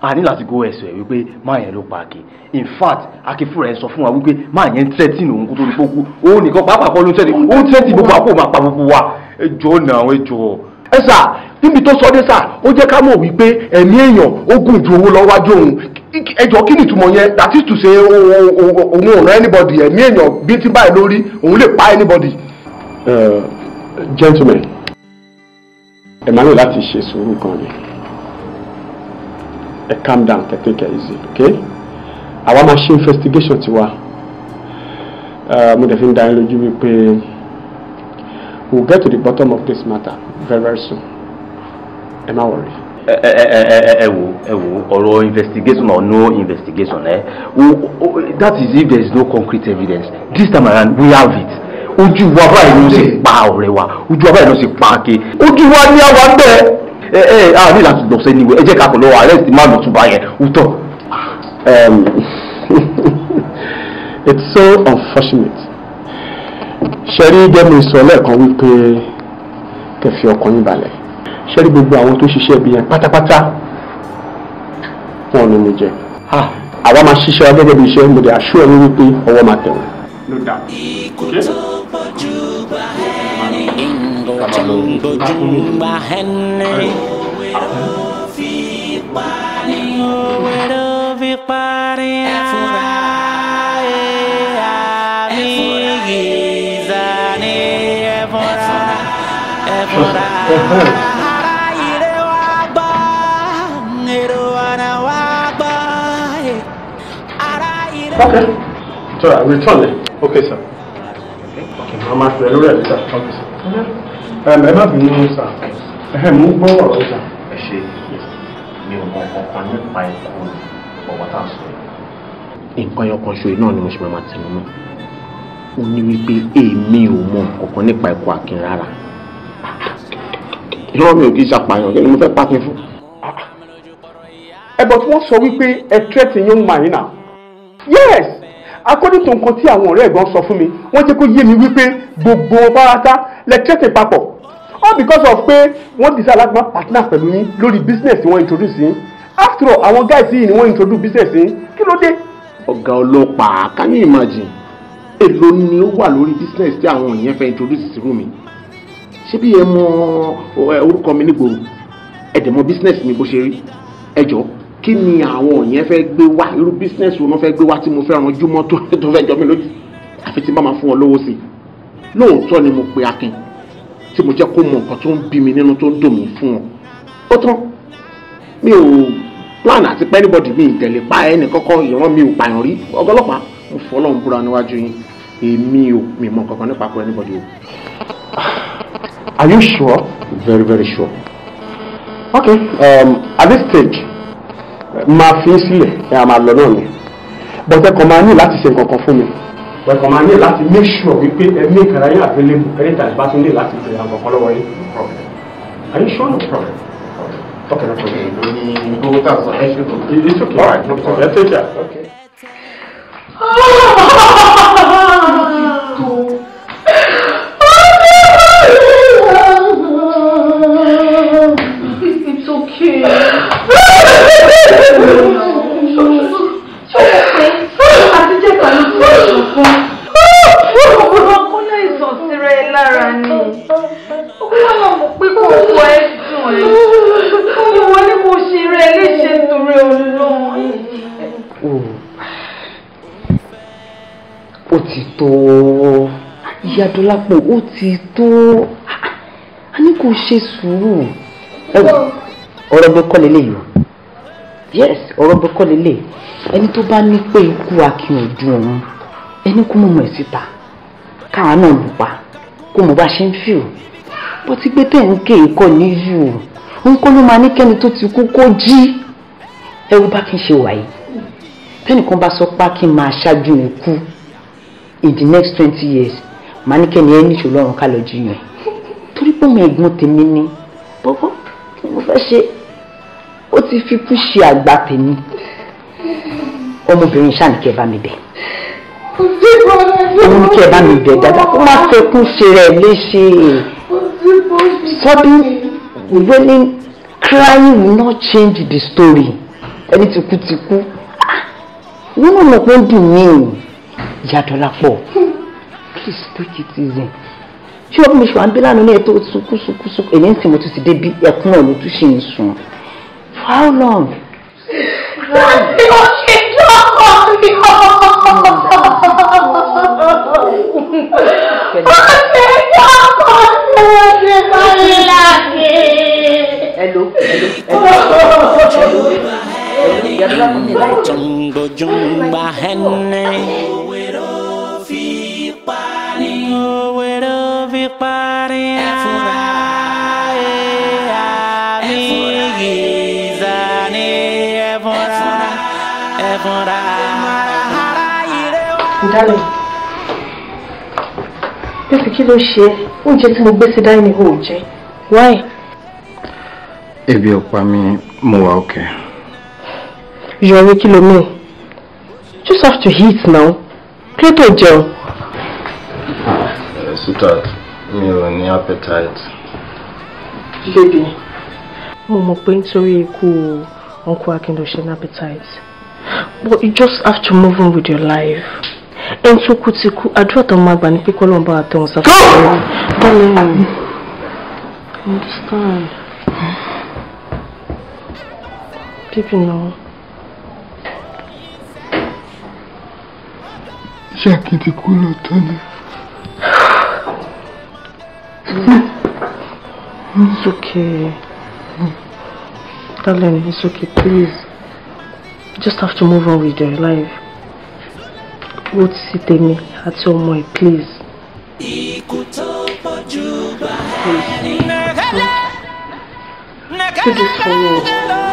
a ní láti go ẹsẹ̀ wípé máa yẹn ló pa akin in fact akin fúnra ẹ sọ fún wa wípé máa yẹn threaten òun kó tó di gbogbo òun nìkan pàápàá kọ́ ló threaten òun threaten gbogbo àpò máa pa gbogbo wa ẹ jọ̀ọ́ náà ẹ jọ̀ọ́ ẹ sà níbi tó sọ dé sà ó jẹ́ ká mọ̀ wípé ẹ̀mí èèyàn ó gùn ju owó lọ́wájú òun ẹjọ́ kí ni ìtumọ̀ yẹn that is to say òun ò rán anybody ẹ̀mí èèyàn bí ti báyìí lórí òun lè pa anybody. gentleman Emmanuel, máa ní láti ṣe sùúrù kan ni ẹ calm down ẹ take it easy okay àwa máa ṣe investigation tiwa mo dẹ̀ fi ń dání lójú wípé we will get to the bottom of this matter very very soon ẹ worry ẹ wo ẹ wo ọ̀rọ̀ investigation or no investigation ẹ eh? that is if there is no concrete evidence this time around we have it ojú wa báyìí ló ṣe pa ọ̀rẹ́ wa ojú wa báyìí ló ṣe pa ake ojú wa ní àwa ń bẹ̀ ẹ ẹ a ní láti lọ sẹ́ni ẹ jẹ́ ká kọ̀ lọ́wọ́ arrest má lọ tún bá yẹn ó um, it's so unfortunate ṣe rí gẹ́mi sọ lẹ́ẹ̀kan wípé kẹfì ọkàn yín balẹ̀ ṣẹ́rí gbogbo àwọn tó ṣiṣẹ́ ibi yẹn pátápátá wọn ò ní mi jẹ àwa máa ṣiṣẹ́ wa gẹ́gẹ́ bí iṣẹ́ mo dẹ̀ àṣù ẹ̀rí wípé ọwọ́ máa tẹ̀wọ̀n. ló dà Okay. It's I return it. Okay, sir. Okay, mama, we're ready, sir. Okay, sir. Um, ẹ má bínú sà ẹ̀hẹ́ sir. I'm ọ̀rọ̀ sà. ẹ ṣe mi ò mọ ọkàn nípa ikú ọ̀wọ́ tá a sọ yìí. nǹkan ẹyọkan ṣoṣo náà ni mo ṣe máa tẹnu mọ́ ó ní wípé èmi ò mọ ọkàn nípa ikú Akin rárá irọ́ mi ò kì í ṣàpàyàn kí ni mo fẹ́ pàkin fún. ẹ̀bọ̀ eh, tí wọ́n sọ wípé ẹ yóò máa yín náà yes according to nǹkan tí àwọn ọ̀rẹ́ ẹ̀gbọ́n sọ fún mi wọ́n jẹ́ kó yé mi wípé gbogbo pátá lẹ́tírẹ́tì papọ̀ all because of pé wọ́n decide láti máa partner pẹ̀lú yín lórí business tí wọ́n introduce yín after all àwọn guys yìí ni wọ́n introduce business yín kí ló dé. ọ̀gá ọlọ́pàá can you imagine èló ni ó wà lórí business tí àwọn èèyàn fẹ́ introduce sí rúmi ṣé bí ẹ mọ orúkọ mi nígboro ẹ̀dẹ̀ mọ business mi bó ṣe rí ẹjọ́ kí ni àwọn yẹn fẹ́ gbé wá irú business wo wọ́n fẹ́ gbé wá tí mo fẹ́ ranjú tó tó fẹ́ jọ mí lójú àfi tí n bá máa fún wọn lówó sí i lóòótọ́ ni mo pe akin tí mo jẹ́ kó mọ nǹkan tó ń bí mi nínú tó ń dùn mí fún wọn ó tán mi ò plan àti pẹ́ anybody mi ìtẹ̀lé pa ẹnì kọ́kọ́ ìran mi ò pààyàn rí ọgọ́lọ́pàá mo fọ́ búra níwájú yín èmi ò mi mọ nǹkan nípa kúrẹ́ anybody o. Are you sure? Very, very sure. Okay, um, at this stage máa fi sílẹ̀ ẹ àmà lọ náà ni but ẹ kàn máa ní láti ṣe nǹkan kan fún mi. ẹ kàn máa ní láti make sure wípé ẹ mí ìkàrà yín available anytime bá tún lè láti ṣe àwọn kan lọ́wọ́ yín. are you sure no problem. okay no problem. lórí gbogbo tá a sọ ẹ ṣe tó. it's okay. all right no problem. ẹ take care. okay. Adọ́lápọ̀ ó ti tó a ní kò ṣe sùúrù ọ̀rọ̀ gbé kọ́ lélẹ́yìí yes ọ̀rọ̀ bọ́kọ́ lélẹ̀ ẹni tó bá ní pé ikú akin ò dùn òun ẹni kú mọ̀mọ́ ẹ̀ síta káwa náà lù pa kó mo bá ṣe ń fìrò bó ti gbé tẹ̀ ikọ̀ ní yù ú ń kó ló máa ní kẹ́ni tó ti kú kó jí ẹrú bá kí n ṣe wàyí tẹ́nìkan bá sọ pé kí n máa ṣáájú mi kú in the next twenty years màá ní kẹ́ni ẹ níṣòro ọ̀run ká lọ jiyàn torí pé mo ẹ̀gbọ́n tèmi ni bọ́bọ́ mo fẹ́ ṣe ó ti fipú ṣe àgbà tèmi ọmọbìnrin ṣáà ní kí ẹ bá mi bẹ̀ òun kí ẹ bá mi bẹ̀ dáadáa kó má fẹkún ṣe rẹ léṣe sobbing wailing crying will not change the story ẹni tí kú ti kú ah, wọn náà mọ̀ pé ó dùn mí ìyá Dọ́lápọ̀ please take it easy ṣé ọmọ mi ṣùgbọ́n bí lánàá ní ẹ tó sunkún sunkún sunkún èmi ń sìn mo tún ti débi ẹkún náà ló ṣe ń sùn. How long? Hello, hello, hello. darling pépì kí ló ṣe oúnjẹ tí mo gbé sí dání ò jẹ why. ebi ò pa mo wà òkè. yọrí kí ló mean just have to eat now kí ló tó jẹun. Ah, sweetheart mi ò ní appetite. baby mo mọ̀ pé nítorí ikú uncle akin ló ṣe ní appetite but you just have to move on with your life ẹni tó kú ti kú àdúrà tó máa gbà ní pé kọ́lọ́n bá tẹ̀ wọ́n sáfẹ́ ti kú lóòótọ́ ni. It's okay. Darling, it's okay, please. just have to move on with your life wo ti tèmi àti ọmọ ẹ̀ please. ikú tó pọ̀jù bá do this for you. That,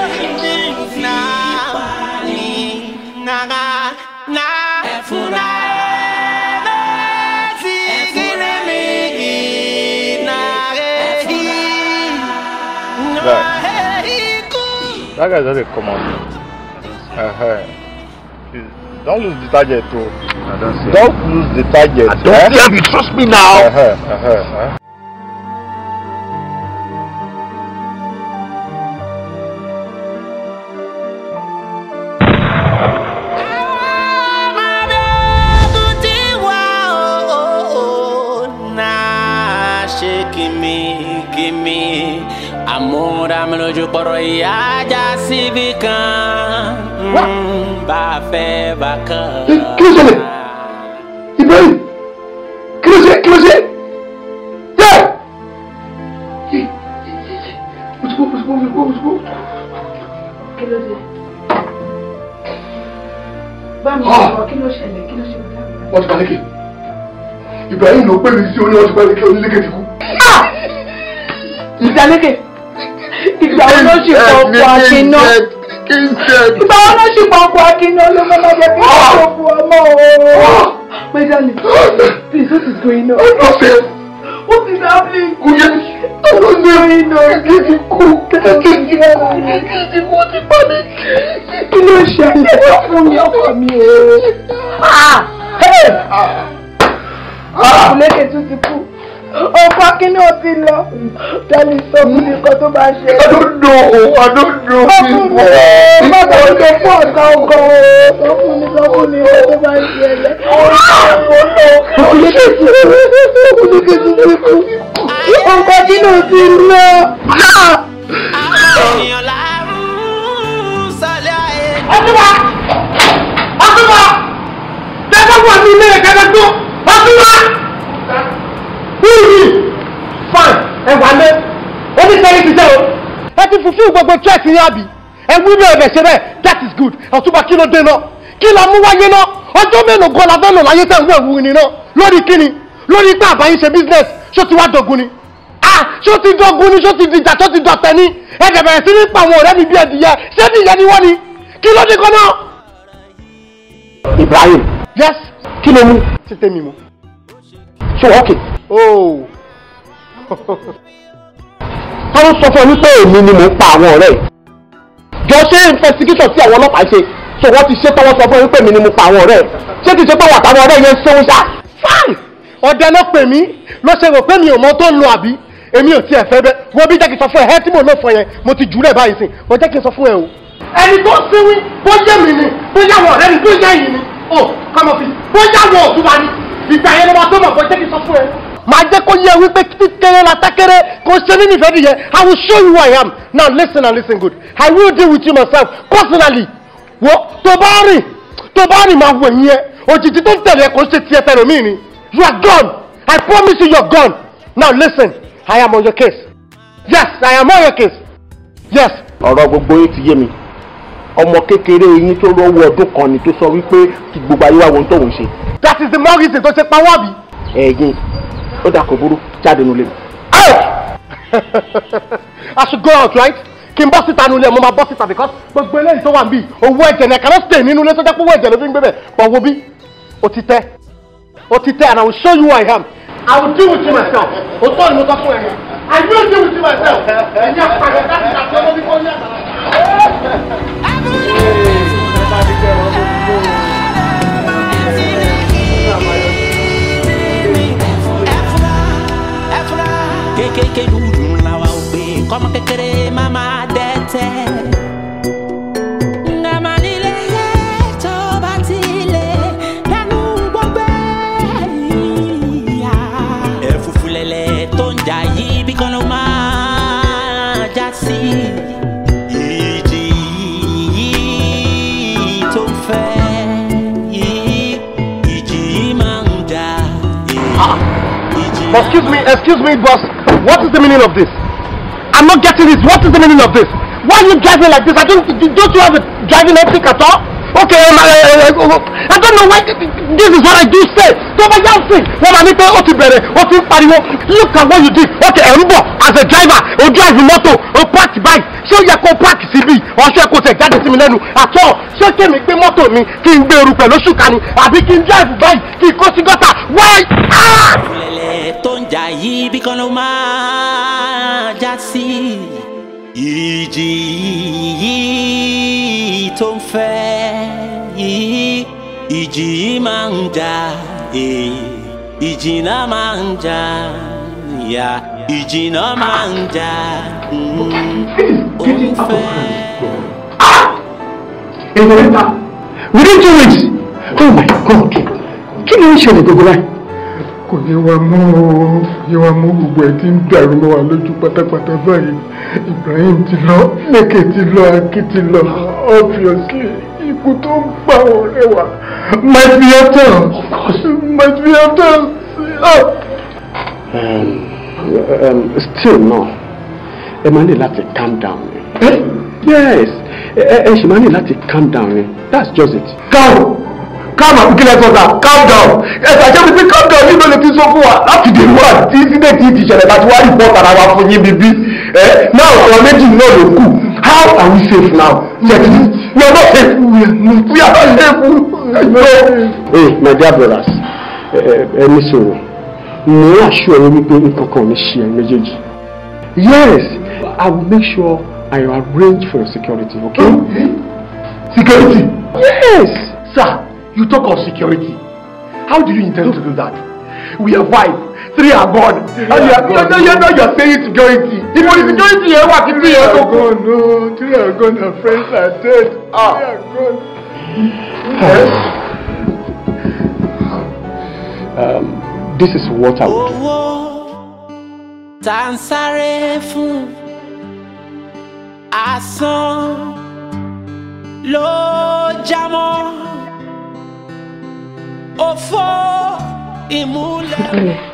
that guy's already come on. Uh-huh. Don't lose the target, though. I don't see. Don't lose the target. I don't eh? see You trust me now. Uh -huh, uh -huh, uh -huh. Amor, dámelo yo por hoy allá si vi can. Mm bá fẹ́ bákan. kí ló ṣẹlẹ̀ Ibrahim kí ló ṣe kí ló ṣe yẹ. kí ló ṣe bá mi ah! sọ̀rọ̀ kí ló ṣẹlẹ̀ kí ló ṣe wọ́n ti palékè Ibrahim ló pè mí sí oní wọ́n ti palékè onílékè ti kú. Ah! ìdálékè ìgbà wo ló ṣe ọkọ̀ àti náà kí n ṣe. ìgbà wọn ló ṣì máa kó akíní olómọlá jẹ kí wọn tó kú ọmọ o. my darling please what is going on. ọ̀nà ṣe. what is happening. kò yẹ ọ̀nà ṣe. going on. kìkì kú kìkì kú kìkì kú ti pa mi. kí ló ṣe àyẹ̀wò fún mi ọkọ mi o. ọkùnrin ah! ah! lè tún ti kú ọkọ akíní ó ti lọ tẹ́lẹ̀ sọ fún mi kan tó máa ṣe. àdúndò o àdúndò mi wọ. bàbá mi tó fún ọ̀tá ọkọ o sọ fún mi sọ fún mi kan tó máa ṣe ẹlẹ. ọkọ akíní ó ti lọ. ọtúbà ọtúbà tẹ́lẹ̀ wà ní ilé ìkẹ́kẹ́ tó ọtúbà wíwí fan ẹwà lé oníṣẹ́rí ti jẹ́ o. ẹ ti fulfill gbogbo threat ní àbí ẹ wí bẹ́ẹ̀ bẹ́ẹ̀ ṣe bẹ́ẹ̀ that is good ọ̀túnba kí ló dé náà kí la mú wáyé náà ọjọ́ mélòó gan la fẹ́ lò láyé tẹ̀ ń wẹ̀ wúni náà lórí kíni lórí pé àbáyín ṣe business ṣó ti wá dogun ni ṣó ti dogun ni ṣó ti dìjà ṣó ti dọ̀tẹ̀ ni ẹ̀jẹ̀ bẹ̀rẹ̀ sí ní pa àwọn ọ̀rẹ́ mi bí ẹ̀dìyẹ ṣé nìyẹn ni wọ́n ni kí ló dé gan náà. Ibrahim yes kí ló mú títẹ́ mi mu ṣé wọ́n kì í. Oh. tọ́lú sọ fún ọ wípé èmi ni mò ń pa àwọn ọ̀rẹ́ ẹ̀ jọ ṣé investigation tí àwọn ọlọ́pàá ṣe so wọ́n ti ṣe tọ́wọ́ sọ fún ọ wípé èmi ni mo pa àwọn ọ̀rẹ́ ẹ̀ ṣé ti ṣe pé wà táwọn ọ̀rẹ́ yẹn ń ṣéun ṣá. fáì ọ̀dẹ ló pè mí ló ṣe rò pé mi ò mọ tó ń lo àbí èmi ò tiẹ̀ fẹ́ bẹ́ wọ́n bí jẹ́ kí n sọ fún ẹ ẹ tí mò ń lò fún yẹn mo ti jùlẹ̀ báyìí sìn mo jẹ́ kí n sọ fún ẹ o. ẹni tó sinwi bó yé mi ni bó wọ ọ̀rẹ́ mi bó yá yìí o kọ́mọ fi bó yá wọ ni ìgbà yẹn ni wọ́n tó mọ̀ bó jẹ́ kí n sọ fún ẹ máa jẹ́ kó yẹ wípé kíkéré latákéré kò ṣe ní nífẹ̀ẹ́ nìyẹn i will show you who i am now listen and listen good i will deal with you myself personally wo tó bá rìn tó bá rìn máa wẹ̀ yẹn òjijì tó ń tẹ̀lé ẹ̀ kò ṣe tiẹ̀ tẹ̀lé mi ni you are gone i promise you you are gone now listen i am on your case yes i am on your case yes. ọ̀rọ̀ gbogbo yín ti yé mi ọmọ kékeré yín tó lọ́wọ́ ọdún kan ni tó sọ wípé kí gbogbo ayé wá wọn tó ń ṣe. that is the more reason tó ṣe pa wọ́ọ̀bì. ẹ̀yin ó dà kò burú jáde nulẹ̀ I should go out right kí n bọ́ síta nulẹ̀ mo máa bọ́ síta because gbogbo eléyìí tó wà ń bì owó ẹ̀jẹ̀ ní I cannot stay nínú ilé tó jẹ́ pé owó ẹ̀jẹ̀ ló fi ń gbé bẹ̀ but wo bí o ti tẹ́ o ti tẹ́ and I will show you who I am I will deal with you myself o tọ́ ni mo sọ fún ẹ I will deal with you myself ẹ̀yin àpàgẹ́ láti ṣàtúnyẹ́wọ́ bí kò ní àgbàlagbà. kékèké dúdú la wa ó gbé kọ́mọ kékeré má má dẹ́tẹ̀. Ah! Excuse me, excuse me, boss. What is the meaning of this? I'm not getting this. What is the meaning of this? Why are you driving like this? I don't, don't you have a driving ethic at all? okay ma ẹ eh, ẹ eh, eh, oh, oh. I don't know why this is what I do say So my young sí what I need to ó ti bẹ̀rẹ̀ ó ti ń look at what you did okay ẹ̀ ń as a driver o drive motor o park bike ṣé ó yẹ kó park síbi ọṣẹ kò tẹ̀ jáde sí mi lẹ́nu àtọ́ ṣé kèmí gbé mọ́tò motor me. n gbé eru pẹ̀lú ṣùkà ni àbí kí drive bike kí n kó sí why. ah. tó tó ń fẹ́ yìí ìjì yìí máa ń jà eh. ìjìnà máa ń jà ìyá ìjìnà máa ń jà mm. ó ń fẹ́. ìgbàlẹ́ta within two weeks oh my god kí ló ń ṣẹlẹ̀ gbogbo báyìí kò yẹ wa mọ́ o yẹ wa mọ́ gbogbo ẹ̀ tí ń dàrú mọ́ wa lójú pátápátá báyìí Ibrahim ti lọ lẹ́kẹ̀ ti lọ Akin ti lọ obviously ikú tó ń pa ọ̀rẹ́ wa might be after us of course might be after ah. us. Um, um, still no ẹ máa ní láti calm down Eh? yes ẹ ṣì máa ní láti calm down ni that's just it. calm calm àbíkílẹ̀ sọ̀tà calm down ẹ̀sà jẹ́ pípé calm down yìí ló lè ti sọ fún wa láti dè wá tí sídẹ̀tì ti ṣẹlẹ̀ láti wá rìpọ́tà ara wa fún yín bíbí. Eh, náà ọ̀rọ̀ méjì náà ló kù how are we safe now? Yet we are not safe. We are not, safe. No. Hey, my dear brothers, ẹ ní sòrò, mo ń àṣù ẹ̀rọ wípé nǹkan kan ní ṣe ẹ̀yin Yes, I will make sure I arrange for your security, okay? Hmm? Security? Yes! Sir, you talk of security. How do you intend to do that? We are wife three are gone and you are you know now you are saying security ibo ni security yẹn wà three are gone. No, oh, three are gone Her friends are dead ah. three are gone. um, this is what I would do. tá ń sáré fún asán ló jámọ́ òfò ìmúlẹ̀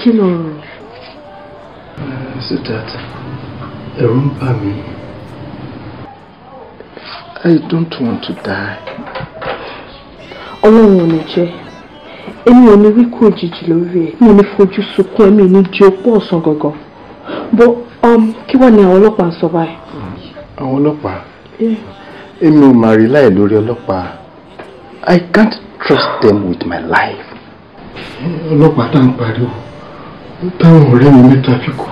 kí eh, ló rò. sitat ẹ̀rù ń bà mí i don't want to die. ọlọ́run ò ní jẹ́ èmi ò ní rí kú òjijì lórí ẹ̀ mi ò ní fojú sunkún ẹ̀mí ní di opó ọ̀sán gangan bó um, kí wàá ní àwọn ọlọ́pàá ń sọ báyìí. àwọn ọlọ́pàá èmi ò máa rí láì lórí ọlọ́pàá i can't trust them with my life. ọlọ́pàá tá à ń pariwo táwọn ọ̀rẹ́ mi mẹ́ta fi kú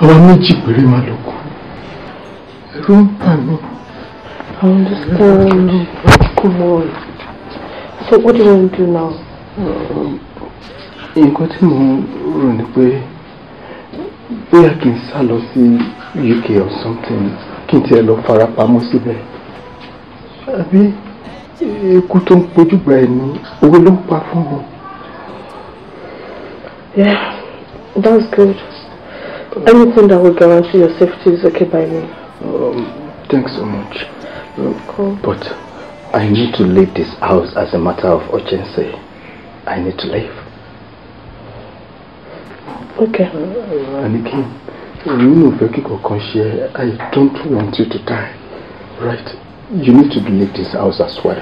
àwa méjì péré máa lọ kú ẹ̀rù ń bà mí. I understand. Come on. So what do you want to do now? Um, nǹkan tí mo rò ni pé bóyá kí n sá lọ sí UK or something kí n tiẹ̀ lọ farapamọ́ síbẹ̀. Àbí ikú tó ń pojúgbà ẹ̀ ní owó ló ń pa fún mi. Yeah. That's good. Anything that will guarantee your safety is okay by me. Um, thanks so much. Um, cool. But I need to leave this house as a matter of urgency. I need to leave. Okay. Uh, Aniki, I don't want you to die. Right? You need to leave this house as well.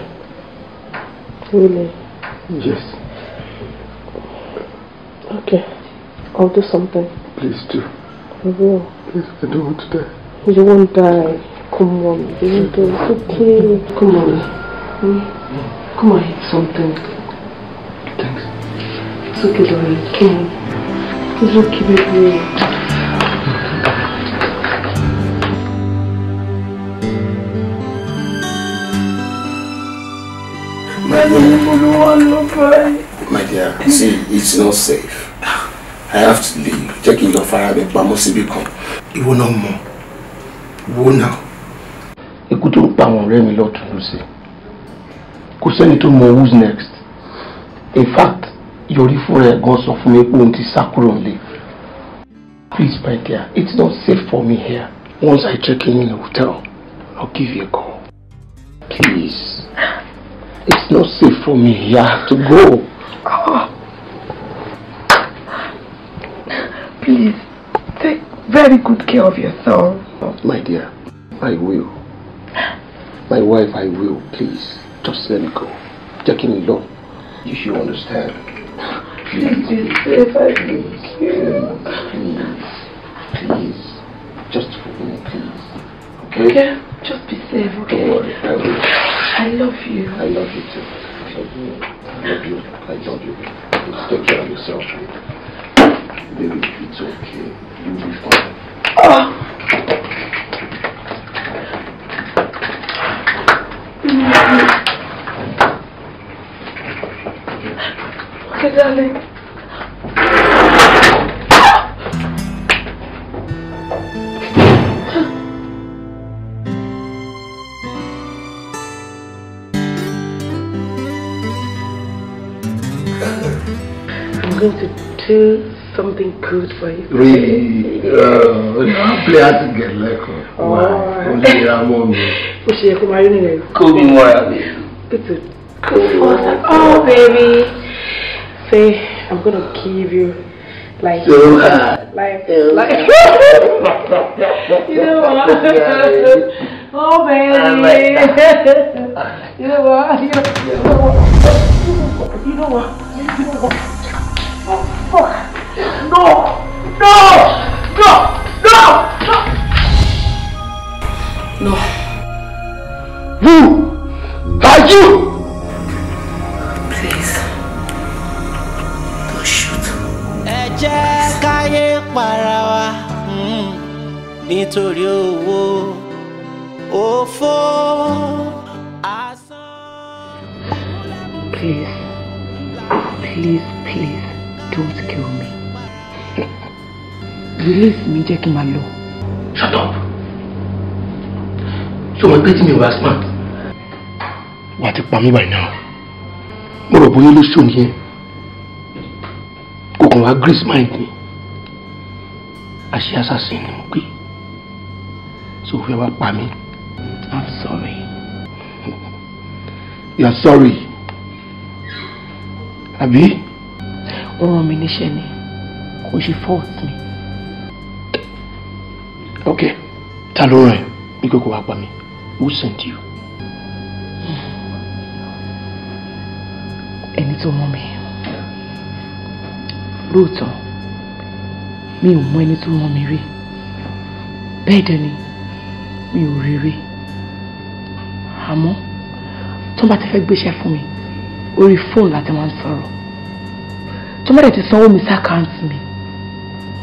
Really? Yes. Okay. I'll do something. Please do. I will. Please, I don't want to die. You won't die. Come on. You won't die. It's okay. Come on. Hmm? Come on, eat something. Thanks. It's okay, darling. Come on. It's okay, baby. My dear, my dear, see, it's not safe. I have to leave jẹ́ your fire, lọ fara mi pamọ́ síbi kan ìwọ náà mọ̀ wo náà. ikú tó ń pa àwọn ọ̀rẹ́ mi lọ́tún lọ́sẹ̀ kò sẹ́ni tó mọ who's next in fact your fúnra ẹ̀ gan sọ fún mi pé òun ti sá kúrò please my dear it's not safe for me here once I check in the hotel I'll give you a call please it's not safe for me here to go. Ah. very good care of yourself. My dear, I will. My wife, I will. Please, just let me go. Jackie me alone. You should understand. Please. Please, please, I Please, please. Just for me, please. Okay? okay? Just be safe, okay? Don't worry, I will. I love you. I love you too. I love you. I love you. I love you. Please take care of yourself. Baby, it's okay. I'm going to do something good for you. Really? Yeah. Uh, you know, to get like her. Oh. Only her mom. What's she come marry me? Call me more, Abby. Bitu. Oh, baby. Say, I'm gonna give you like so hard. Like, like. you know what? oh, baby. Like you know what? You know what? You know what? You know what? You know what? Oh, fuck. No! No! No! No! No! No. You! Are you? Please. Don't shoot. Ẹ jẹ́ káyé para wa hmm, nítorí owó òfò asán. Please, please, please don't kill me release mi jẹ́ kí máa lọ. shut up ṣé o mọ̀ pé tí mi ò bá smart wà á ti pa mí by now mo rò bóyá olóṣù mi yẹn kò kàn wá grease mind mi àṣé assassin ni mo pè so fẹ́ wá pa mí i'm sorry you are sorry àbí. ọ̀rọ̀ mi níṣẹ́ ni kò ṣe fault mi. Okay, ta ló go go wípé kò wá who sent you. ẹni tó mọ mi lóòótọ́ mi ò mọ ẹni tó mọ mi rí bẹ́ẹ̀ dẹ̀ ni mi ò rí rí àmọ́ tó bá ti fẹ́ gbéṣẹ́ fún mi orí fóònù láti máa ń mi sí àkáǹtì mi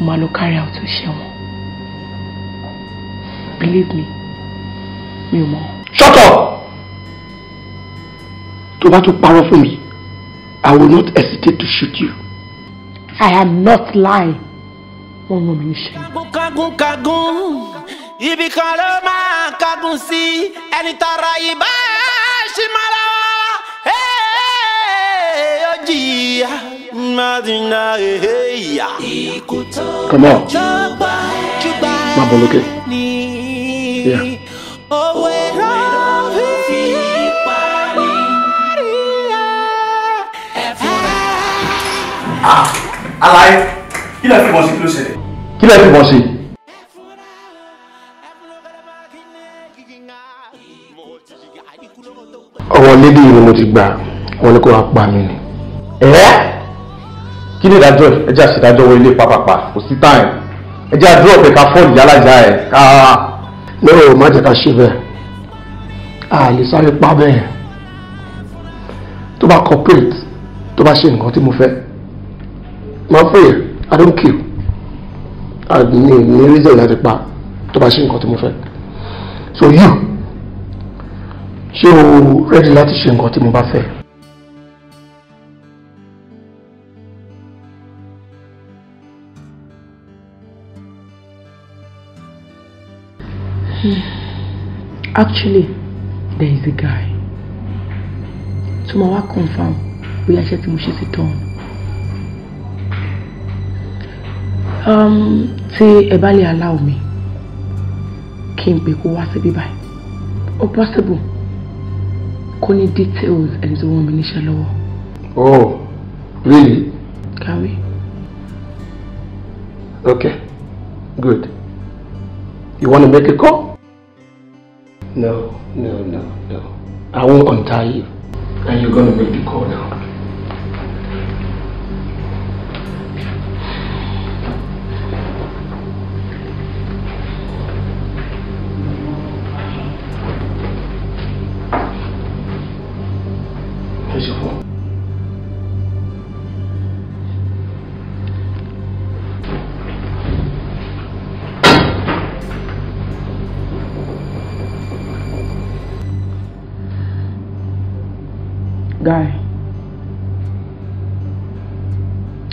mo carry out to share one believe me mi ò shut up To bá tún parọ́ fún mi i will not hesitate to shoot you. i am not lying wọ́n rán mi níṣẹ́. kagun kagun ibi kan kagun sí ẹni tọrọ yìí bá ṣì máa lọ́wọ́ ó jìyà Come on. má bọ̀ lókè. Yeah. Ah, aláyé, kí lẹ fi bọ̀ sí kí ló ṣẹlẹ̀? Kí lẹ fi bọ̀ sí? Ọwọ́ lédè yìí ni mo ti gbà, wọ́n ní kó wá pa mí ni. Ẹ́ kí ni ìdájọ́ ẹ jẹ́ àṣìdájọ́ wọ ilé pápápá kò sí táyì ẹ jẹ́ àdúrà pé ká fọ́ọ̀lù yálà ìyá ẹ̀ ká lọ́rọ̀ má jẹ́ ká ṣe bẹ́ẹ̀ a sáré pa bẹ́ẹ̀ tó bá cooperate tó bá ṣe nǹkan tí mo fẹ́ máa fẹ́ yẹn i don't kill ní ní reason láti pa tó bá ṣe nǹkan tí mo fẹ́ so you ṣé o ready láti ṣe nǹkan tí mo bá fẹ́. Mm. Actually, there is a guy. Tó máa wá confirm we are tí mo ṣe ti Um, tí ẹ allow me. kí n pè kó wá síbí báyìí. possible kó details and the wọ́n mi níṣẹ́ Oh, really? Can we? Okay, good. You want to make a call? No, no, no, no. I won't untie you. And you're going to make the call now.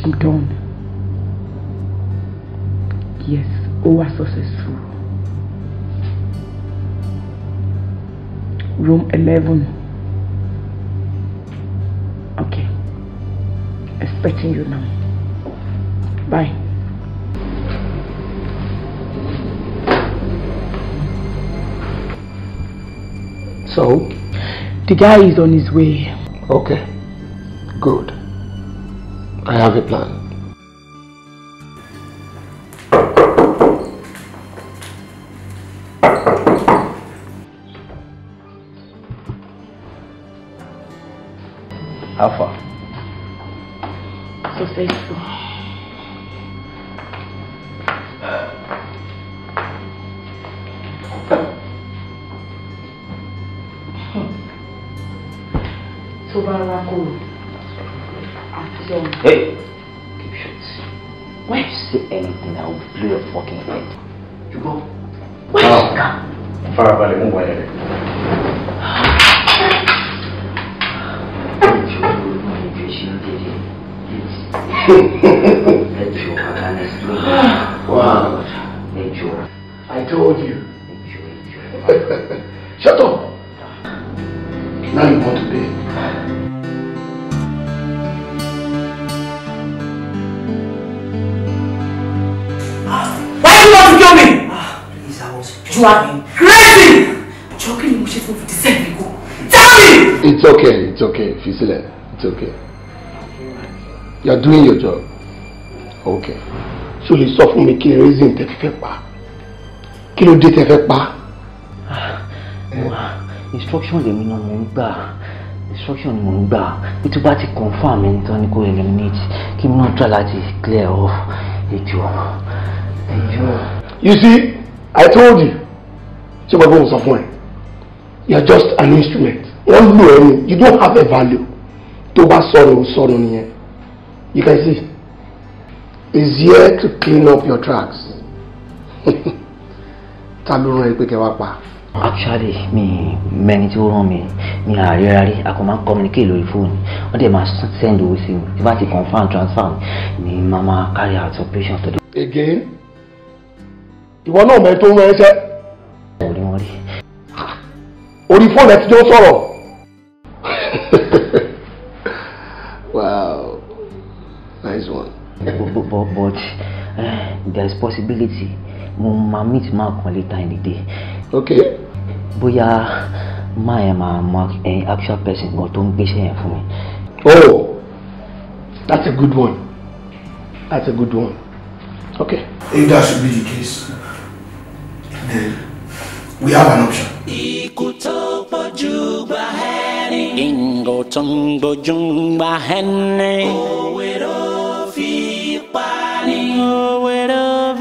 I'm done. Yes, over successful. Room 11. Okay. Expecting you now. Bye. So? The guy is on his way. Okay. Good. I have a plan. How far? So faithful. do your fucking thing. You go. you are doing your job okay So lè sọ fún mi kí ni reason tẹ́ fi fẹ́ pa kí ló dé tẹ́ fẹ́ pa. Ah, instruction lèmi náà mò ń gbà instruction ni mò ń gbà bí ti confam ẹni tán ni eliminate kí mi náà try láti clear off ẹjọ́ ẹjọ́. you see i told you ṣé bàbá òun sọ fún you are just an instrument wọ́n lò you don't have a value tó bá sọ̀rọ̀ sọ̀rọ̀ nìyẹn you can see, is here to clean up your tracks. ta ló rán ẹ actually me many tí ó me mi ni àríra rí a kò máa ń communicate lórí fóònù wọ́n dẹ̀ send owó sí mi tí bá ti confirm transfer ni màá máa carry out operation to the. again ìwọ náà mẹ tó ń rán ẹsẹ. orí wọn rí. orí fóònù ẹ ti nice one. Eh, but, but, but, but uh, there is possibility we might meet mark on later in the day. okay. bóyá máa yẹn Mark mọ actual person but don't be gbéṣẹ́ yẹn fún mi. oh that's a good one that's a good one okay. if that should be the case then we have an option. ikú tó pọ̀jù gba ẹni. ìgò tó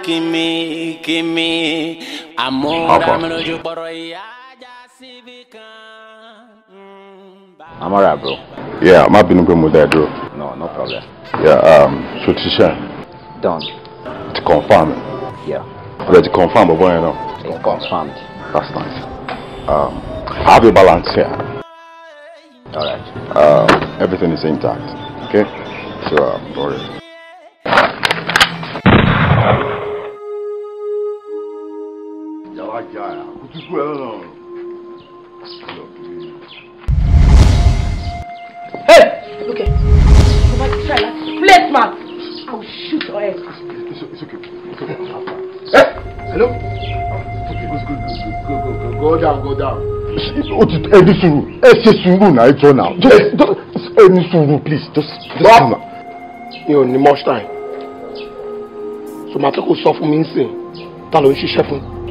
kimi kimi amora mi lójú bọ̀rọ̀ ìyá ajá síbi kan. Mm, I'm alright, bro. Yeah, má bínú pé mo dá ẹ dúró. No, no problem. Yeah, um, so ti ṣe. Done. To confirm. Yeah. Ọ̀rẹ́ ti confirm bọ̀bọ̀ you know? It's confirmed. That's nice. Um, I have your balance here. Alright. Um, everything is intact. Okay? So, um, don't worry. ìyá ẹ̀ àkútúkú ẹ̀ náà. Hey! Look at you. Come on, try I will shoot your head. It's, it's okay. Hey! Hello? Okay, it's good, good, Go, go, go, go down, go down. O ti ẹ ní sùúrù ẹ ṣe sùúrù náà ẹ jọ náà ẹ ní please just just calm down. Mi ò ní much time. Sọ̀mátẹ́kù sọ fún mi ń sìn ta ló ń ṣiṣẹ́ fún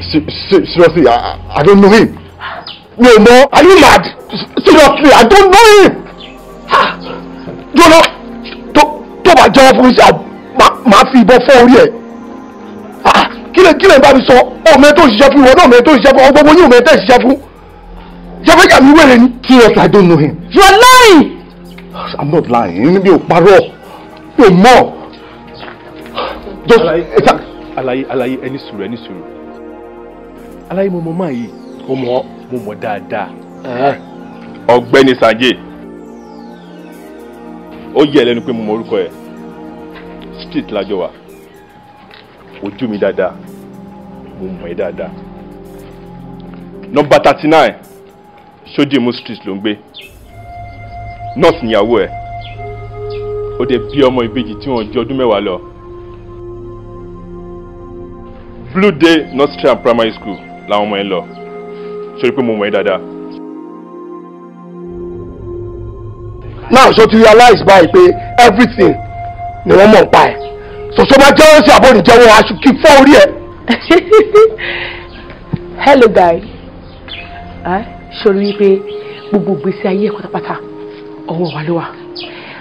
seriously I, I don't know him No more. are you mad seriously I don't know him to to jọlọ tó bá jọwọ fún iṣẹ́ máa fi Ah, kill orí ẹ̀ kílẹ̀ kílẹ̀ bá mi sọ ọmọ tó you? No, me náà ọmọ tó ṣiṣẹ́ fún ọgbọ́n Me mẹ́tẹ́ ṣiṣẹ́ fún jẹ́fẹ́ jà mí wẹ̀rẹ̀ ni. Yes, I don't know him. You are lying. I'm not lying mi baro. No more. Just, mọ̀. Alai alai any suru any suru aláyé mo mọ máa yìí mo mọ mo mọ dáadáa. Ah. ọ̀gbẹ́ni sanje ó yẹ lẹ́nu pé mo mọ orúkọ ẹ̀ street lájọ wa ojú mi dáadáa mo mọ̀ ẹ́ dáadáa nọ́mbà thirty nine sodium street ló ń gbé nọ́ọ̀sì níyàwó ẹ̀ ó dẹ̀ bí ọmọ ìbejì tí wọ́n jẹ ọdún mẹ́wàá lọ blue day north stream primary school làwọn ọmọ yẹn lọ sórí pé mo mọ̀ ẹ́ dáadáa. now so to realize báyìí pé everything ni wọ́n mọ̀ ń pa ẹ̀ sọ̀sọ́ bá jẹ́wọ́ sí àbọ̀ ìjẹ́wọ́ aṣọ kí fọ́ orí ẹ̀. hello guy ah, ṣòro wípé gbogbo gbèsè ayé pátápátá ọwọ́ wa ló wà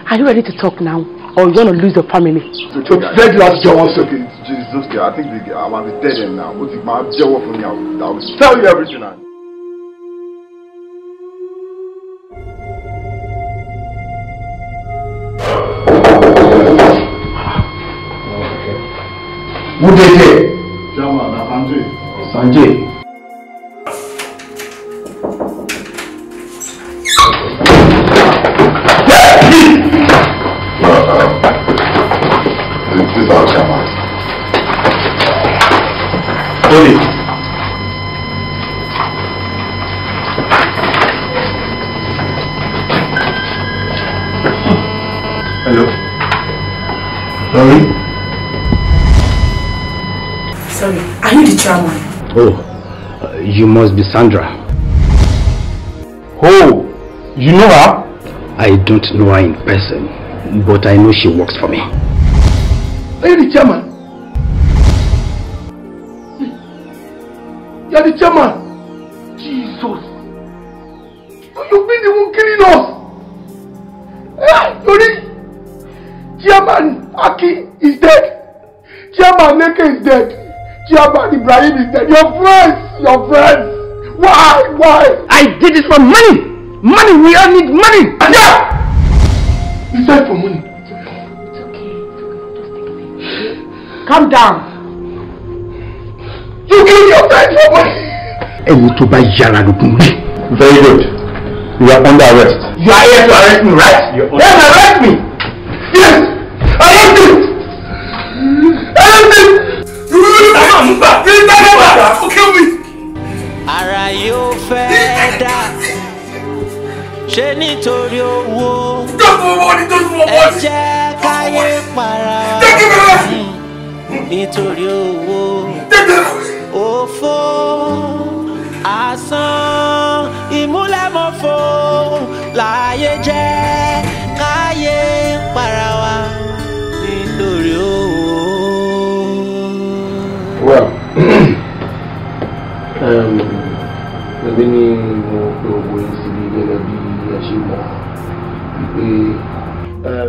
are you ready to talk now or you're gonna lose your family. Beg you ask Jawa Sokin, Jesus, I think the, I might be dead end now, but if my Jawa for me, I will, I will tell you everything. I... it? Jama, na Sanjay. Sanjay. must be Sandra. Oh, you know her? I don't know her in person, but I know she works for me. Lady Chairman, for money. Money, we all need money. Yeah! You died for money. It's okay. It's okay. Just Calm down. You gave your time for money. I wo to buy yára lókun rí. Very good. You are under arrest. You are here to arrest me, right? Then arrest me. ṣe nítorí owó ẹ jẹ́ káyé para nítorí owó òfò asán ìmúlẹ̀mọ́fò láyé jẹ́.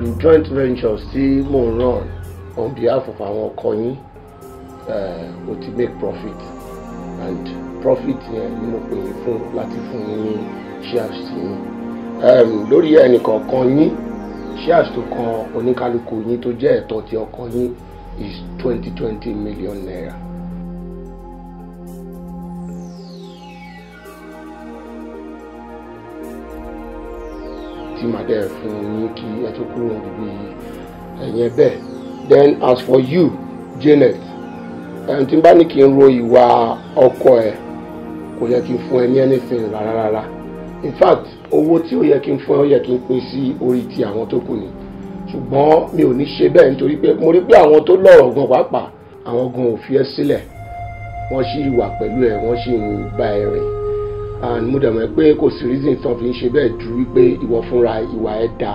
um, joint ventures tí mò ń ràn on behalf of àwọn ọkọ yín um, mo ti make profit and profit yẹn ni mo pè yín fún láti fún yín ní shares tí yín um, lórí ẹnìkọ̀ọ̀kan yín shares tó kan oníkálukú yín tó jẹ́ ẹ̀tọ́ ti ọkọ yín is twenty twenty million naira. tí màá dẹ̀ fún yín kí ẹ tó kúrò níbi ẹ̀yìn ẹ̀bẹ̀ then as for you Janet ẹni tí n bá ní kí n ro ìwà ọkọ ẹ kò yẹ kí n fún ẹ ní anything rárá rárá in fact owó tí ó yẹ kí n fún ẹ ó yẹ kí n pín sí orí ti àwọn tó kù ni ṣùgbọ́n mi ò ní ṣe bẹ́ẹ̀ nítorí pé mo rí pé àwọn tó lọ́rọ̀ gan pàápàá àwọn gan ò fi ẹ́ sílẹ̀ wọ́n ṣì wà pẹ̀lú ẹ wọ́n ṣì ń bá ẹ rìn and mo dẹ̀ mọ̀ pé kò sí reason tán fi ń ṣe bẹ́ẹ̀ ju wípé ìwọ fúnra ìwà ẹ̀ da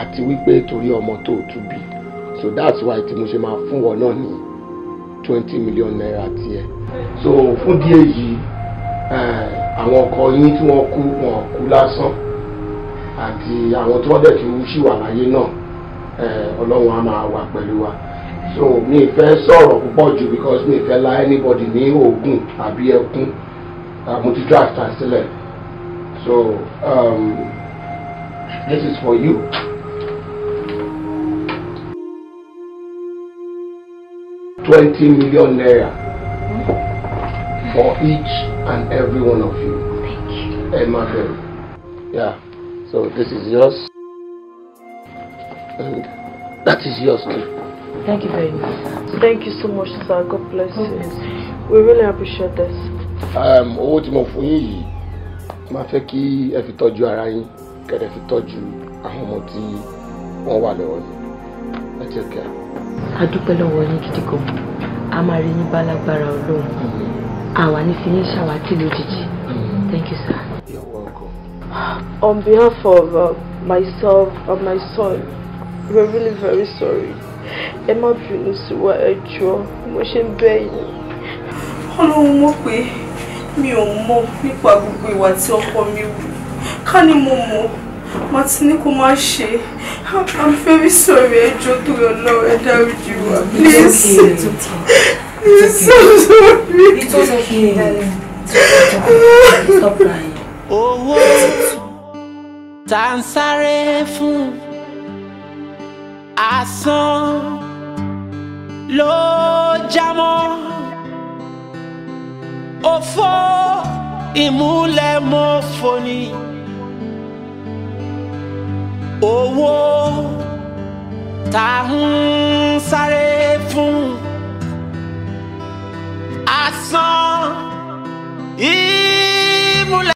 àti wípé torí ọmọ tó o tún bí so that's why tí mo ṣe máa fún wọn náà ní twenty million naira tiẹ̀ so fún díẹ̀ yìí eh, àwọn ọkọ yín tí wọ́n kú wọn kú lásán àti àwọn tí wọ́n dẹ̀ tún ṣì wà láyé náà eh, ọlọ́run á máa wà pẹ̀lú wa so mi fẹ́ sọ̀rọ̀ púpọ̀ jù because mi fẹ́ la anybody ní oògùn àbí ẹkún. E mo ti draft her sílẹ̀ so um, this is for you. twenty million naira for each and every one of you. Thank you. Hey, má Yeah. So this is yours. And that is yours too. Thank you very much. Thank you so much, sir. God bless you. We really appreciate this. Ehm, owó tí mo fún yín yìí máa fẹ́ kí ẹ fi tọ́jú ara yín kẹ̀dẹ̀ fi tọ́jú àwọn ọmọ tí wọ́n wà lọ́wọ́ yìí ẹ jẹ́ kẹ́ a dúpẹ́ lọ́wọ́ yín gidi gan a máa rí yín bálágbára ọlọ́run mm-hmm. àwa ní fi yín ṣàwátì lójijì mm-hmm. thank you sir. on behalf of uh, myself and my son we're really very sorry ẹ má bínú sí wa ẹ jọ̀ọ́ mo ṣe ń bẹ̀ yín ọlọ́run mọ̀ pé mi ò mọ̀ nípa gbogbo ìwà tí ọkọ mi wù ká ní mo mọ̀ mo ti ní kó má ṣe i'm very sorry ẹjọ́ tó yọ náà ẹ dáríjì wá please it's so sorry. it's okay stop crying. owó tá ń sáré fún asán ló jámọ́. Ofo imule mọ́ foni owó tá ń sáré fún asán ìmúlẹ̀.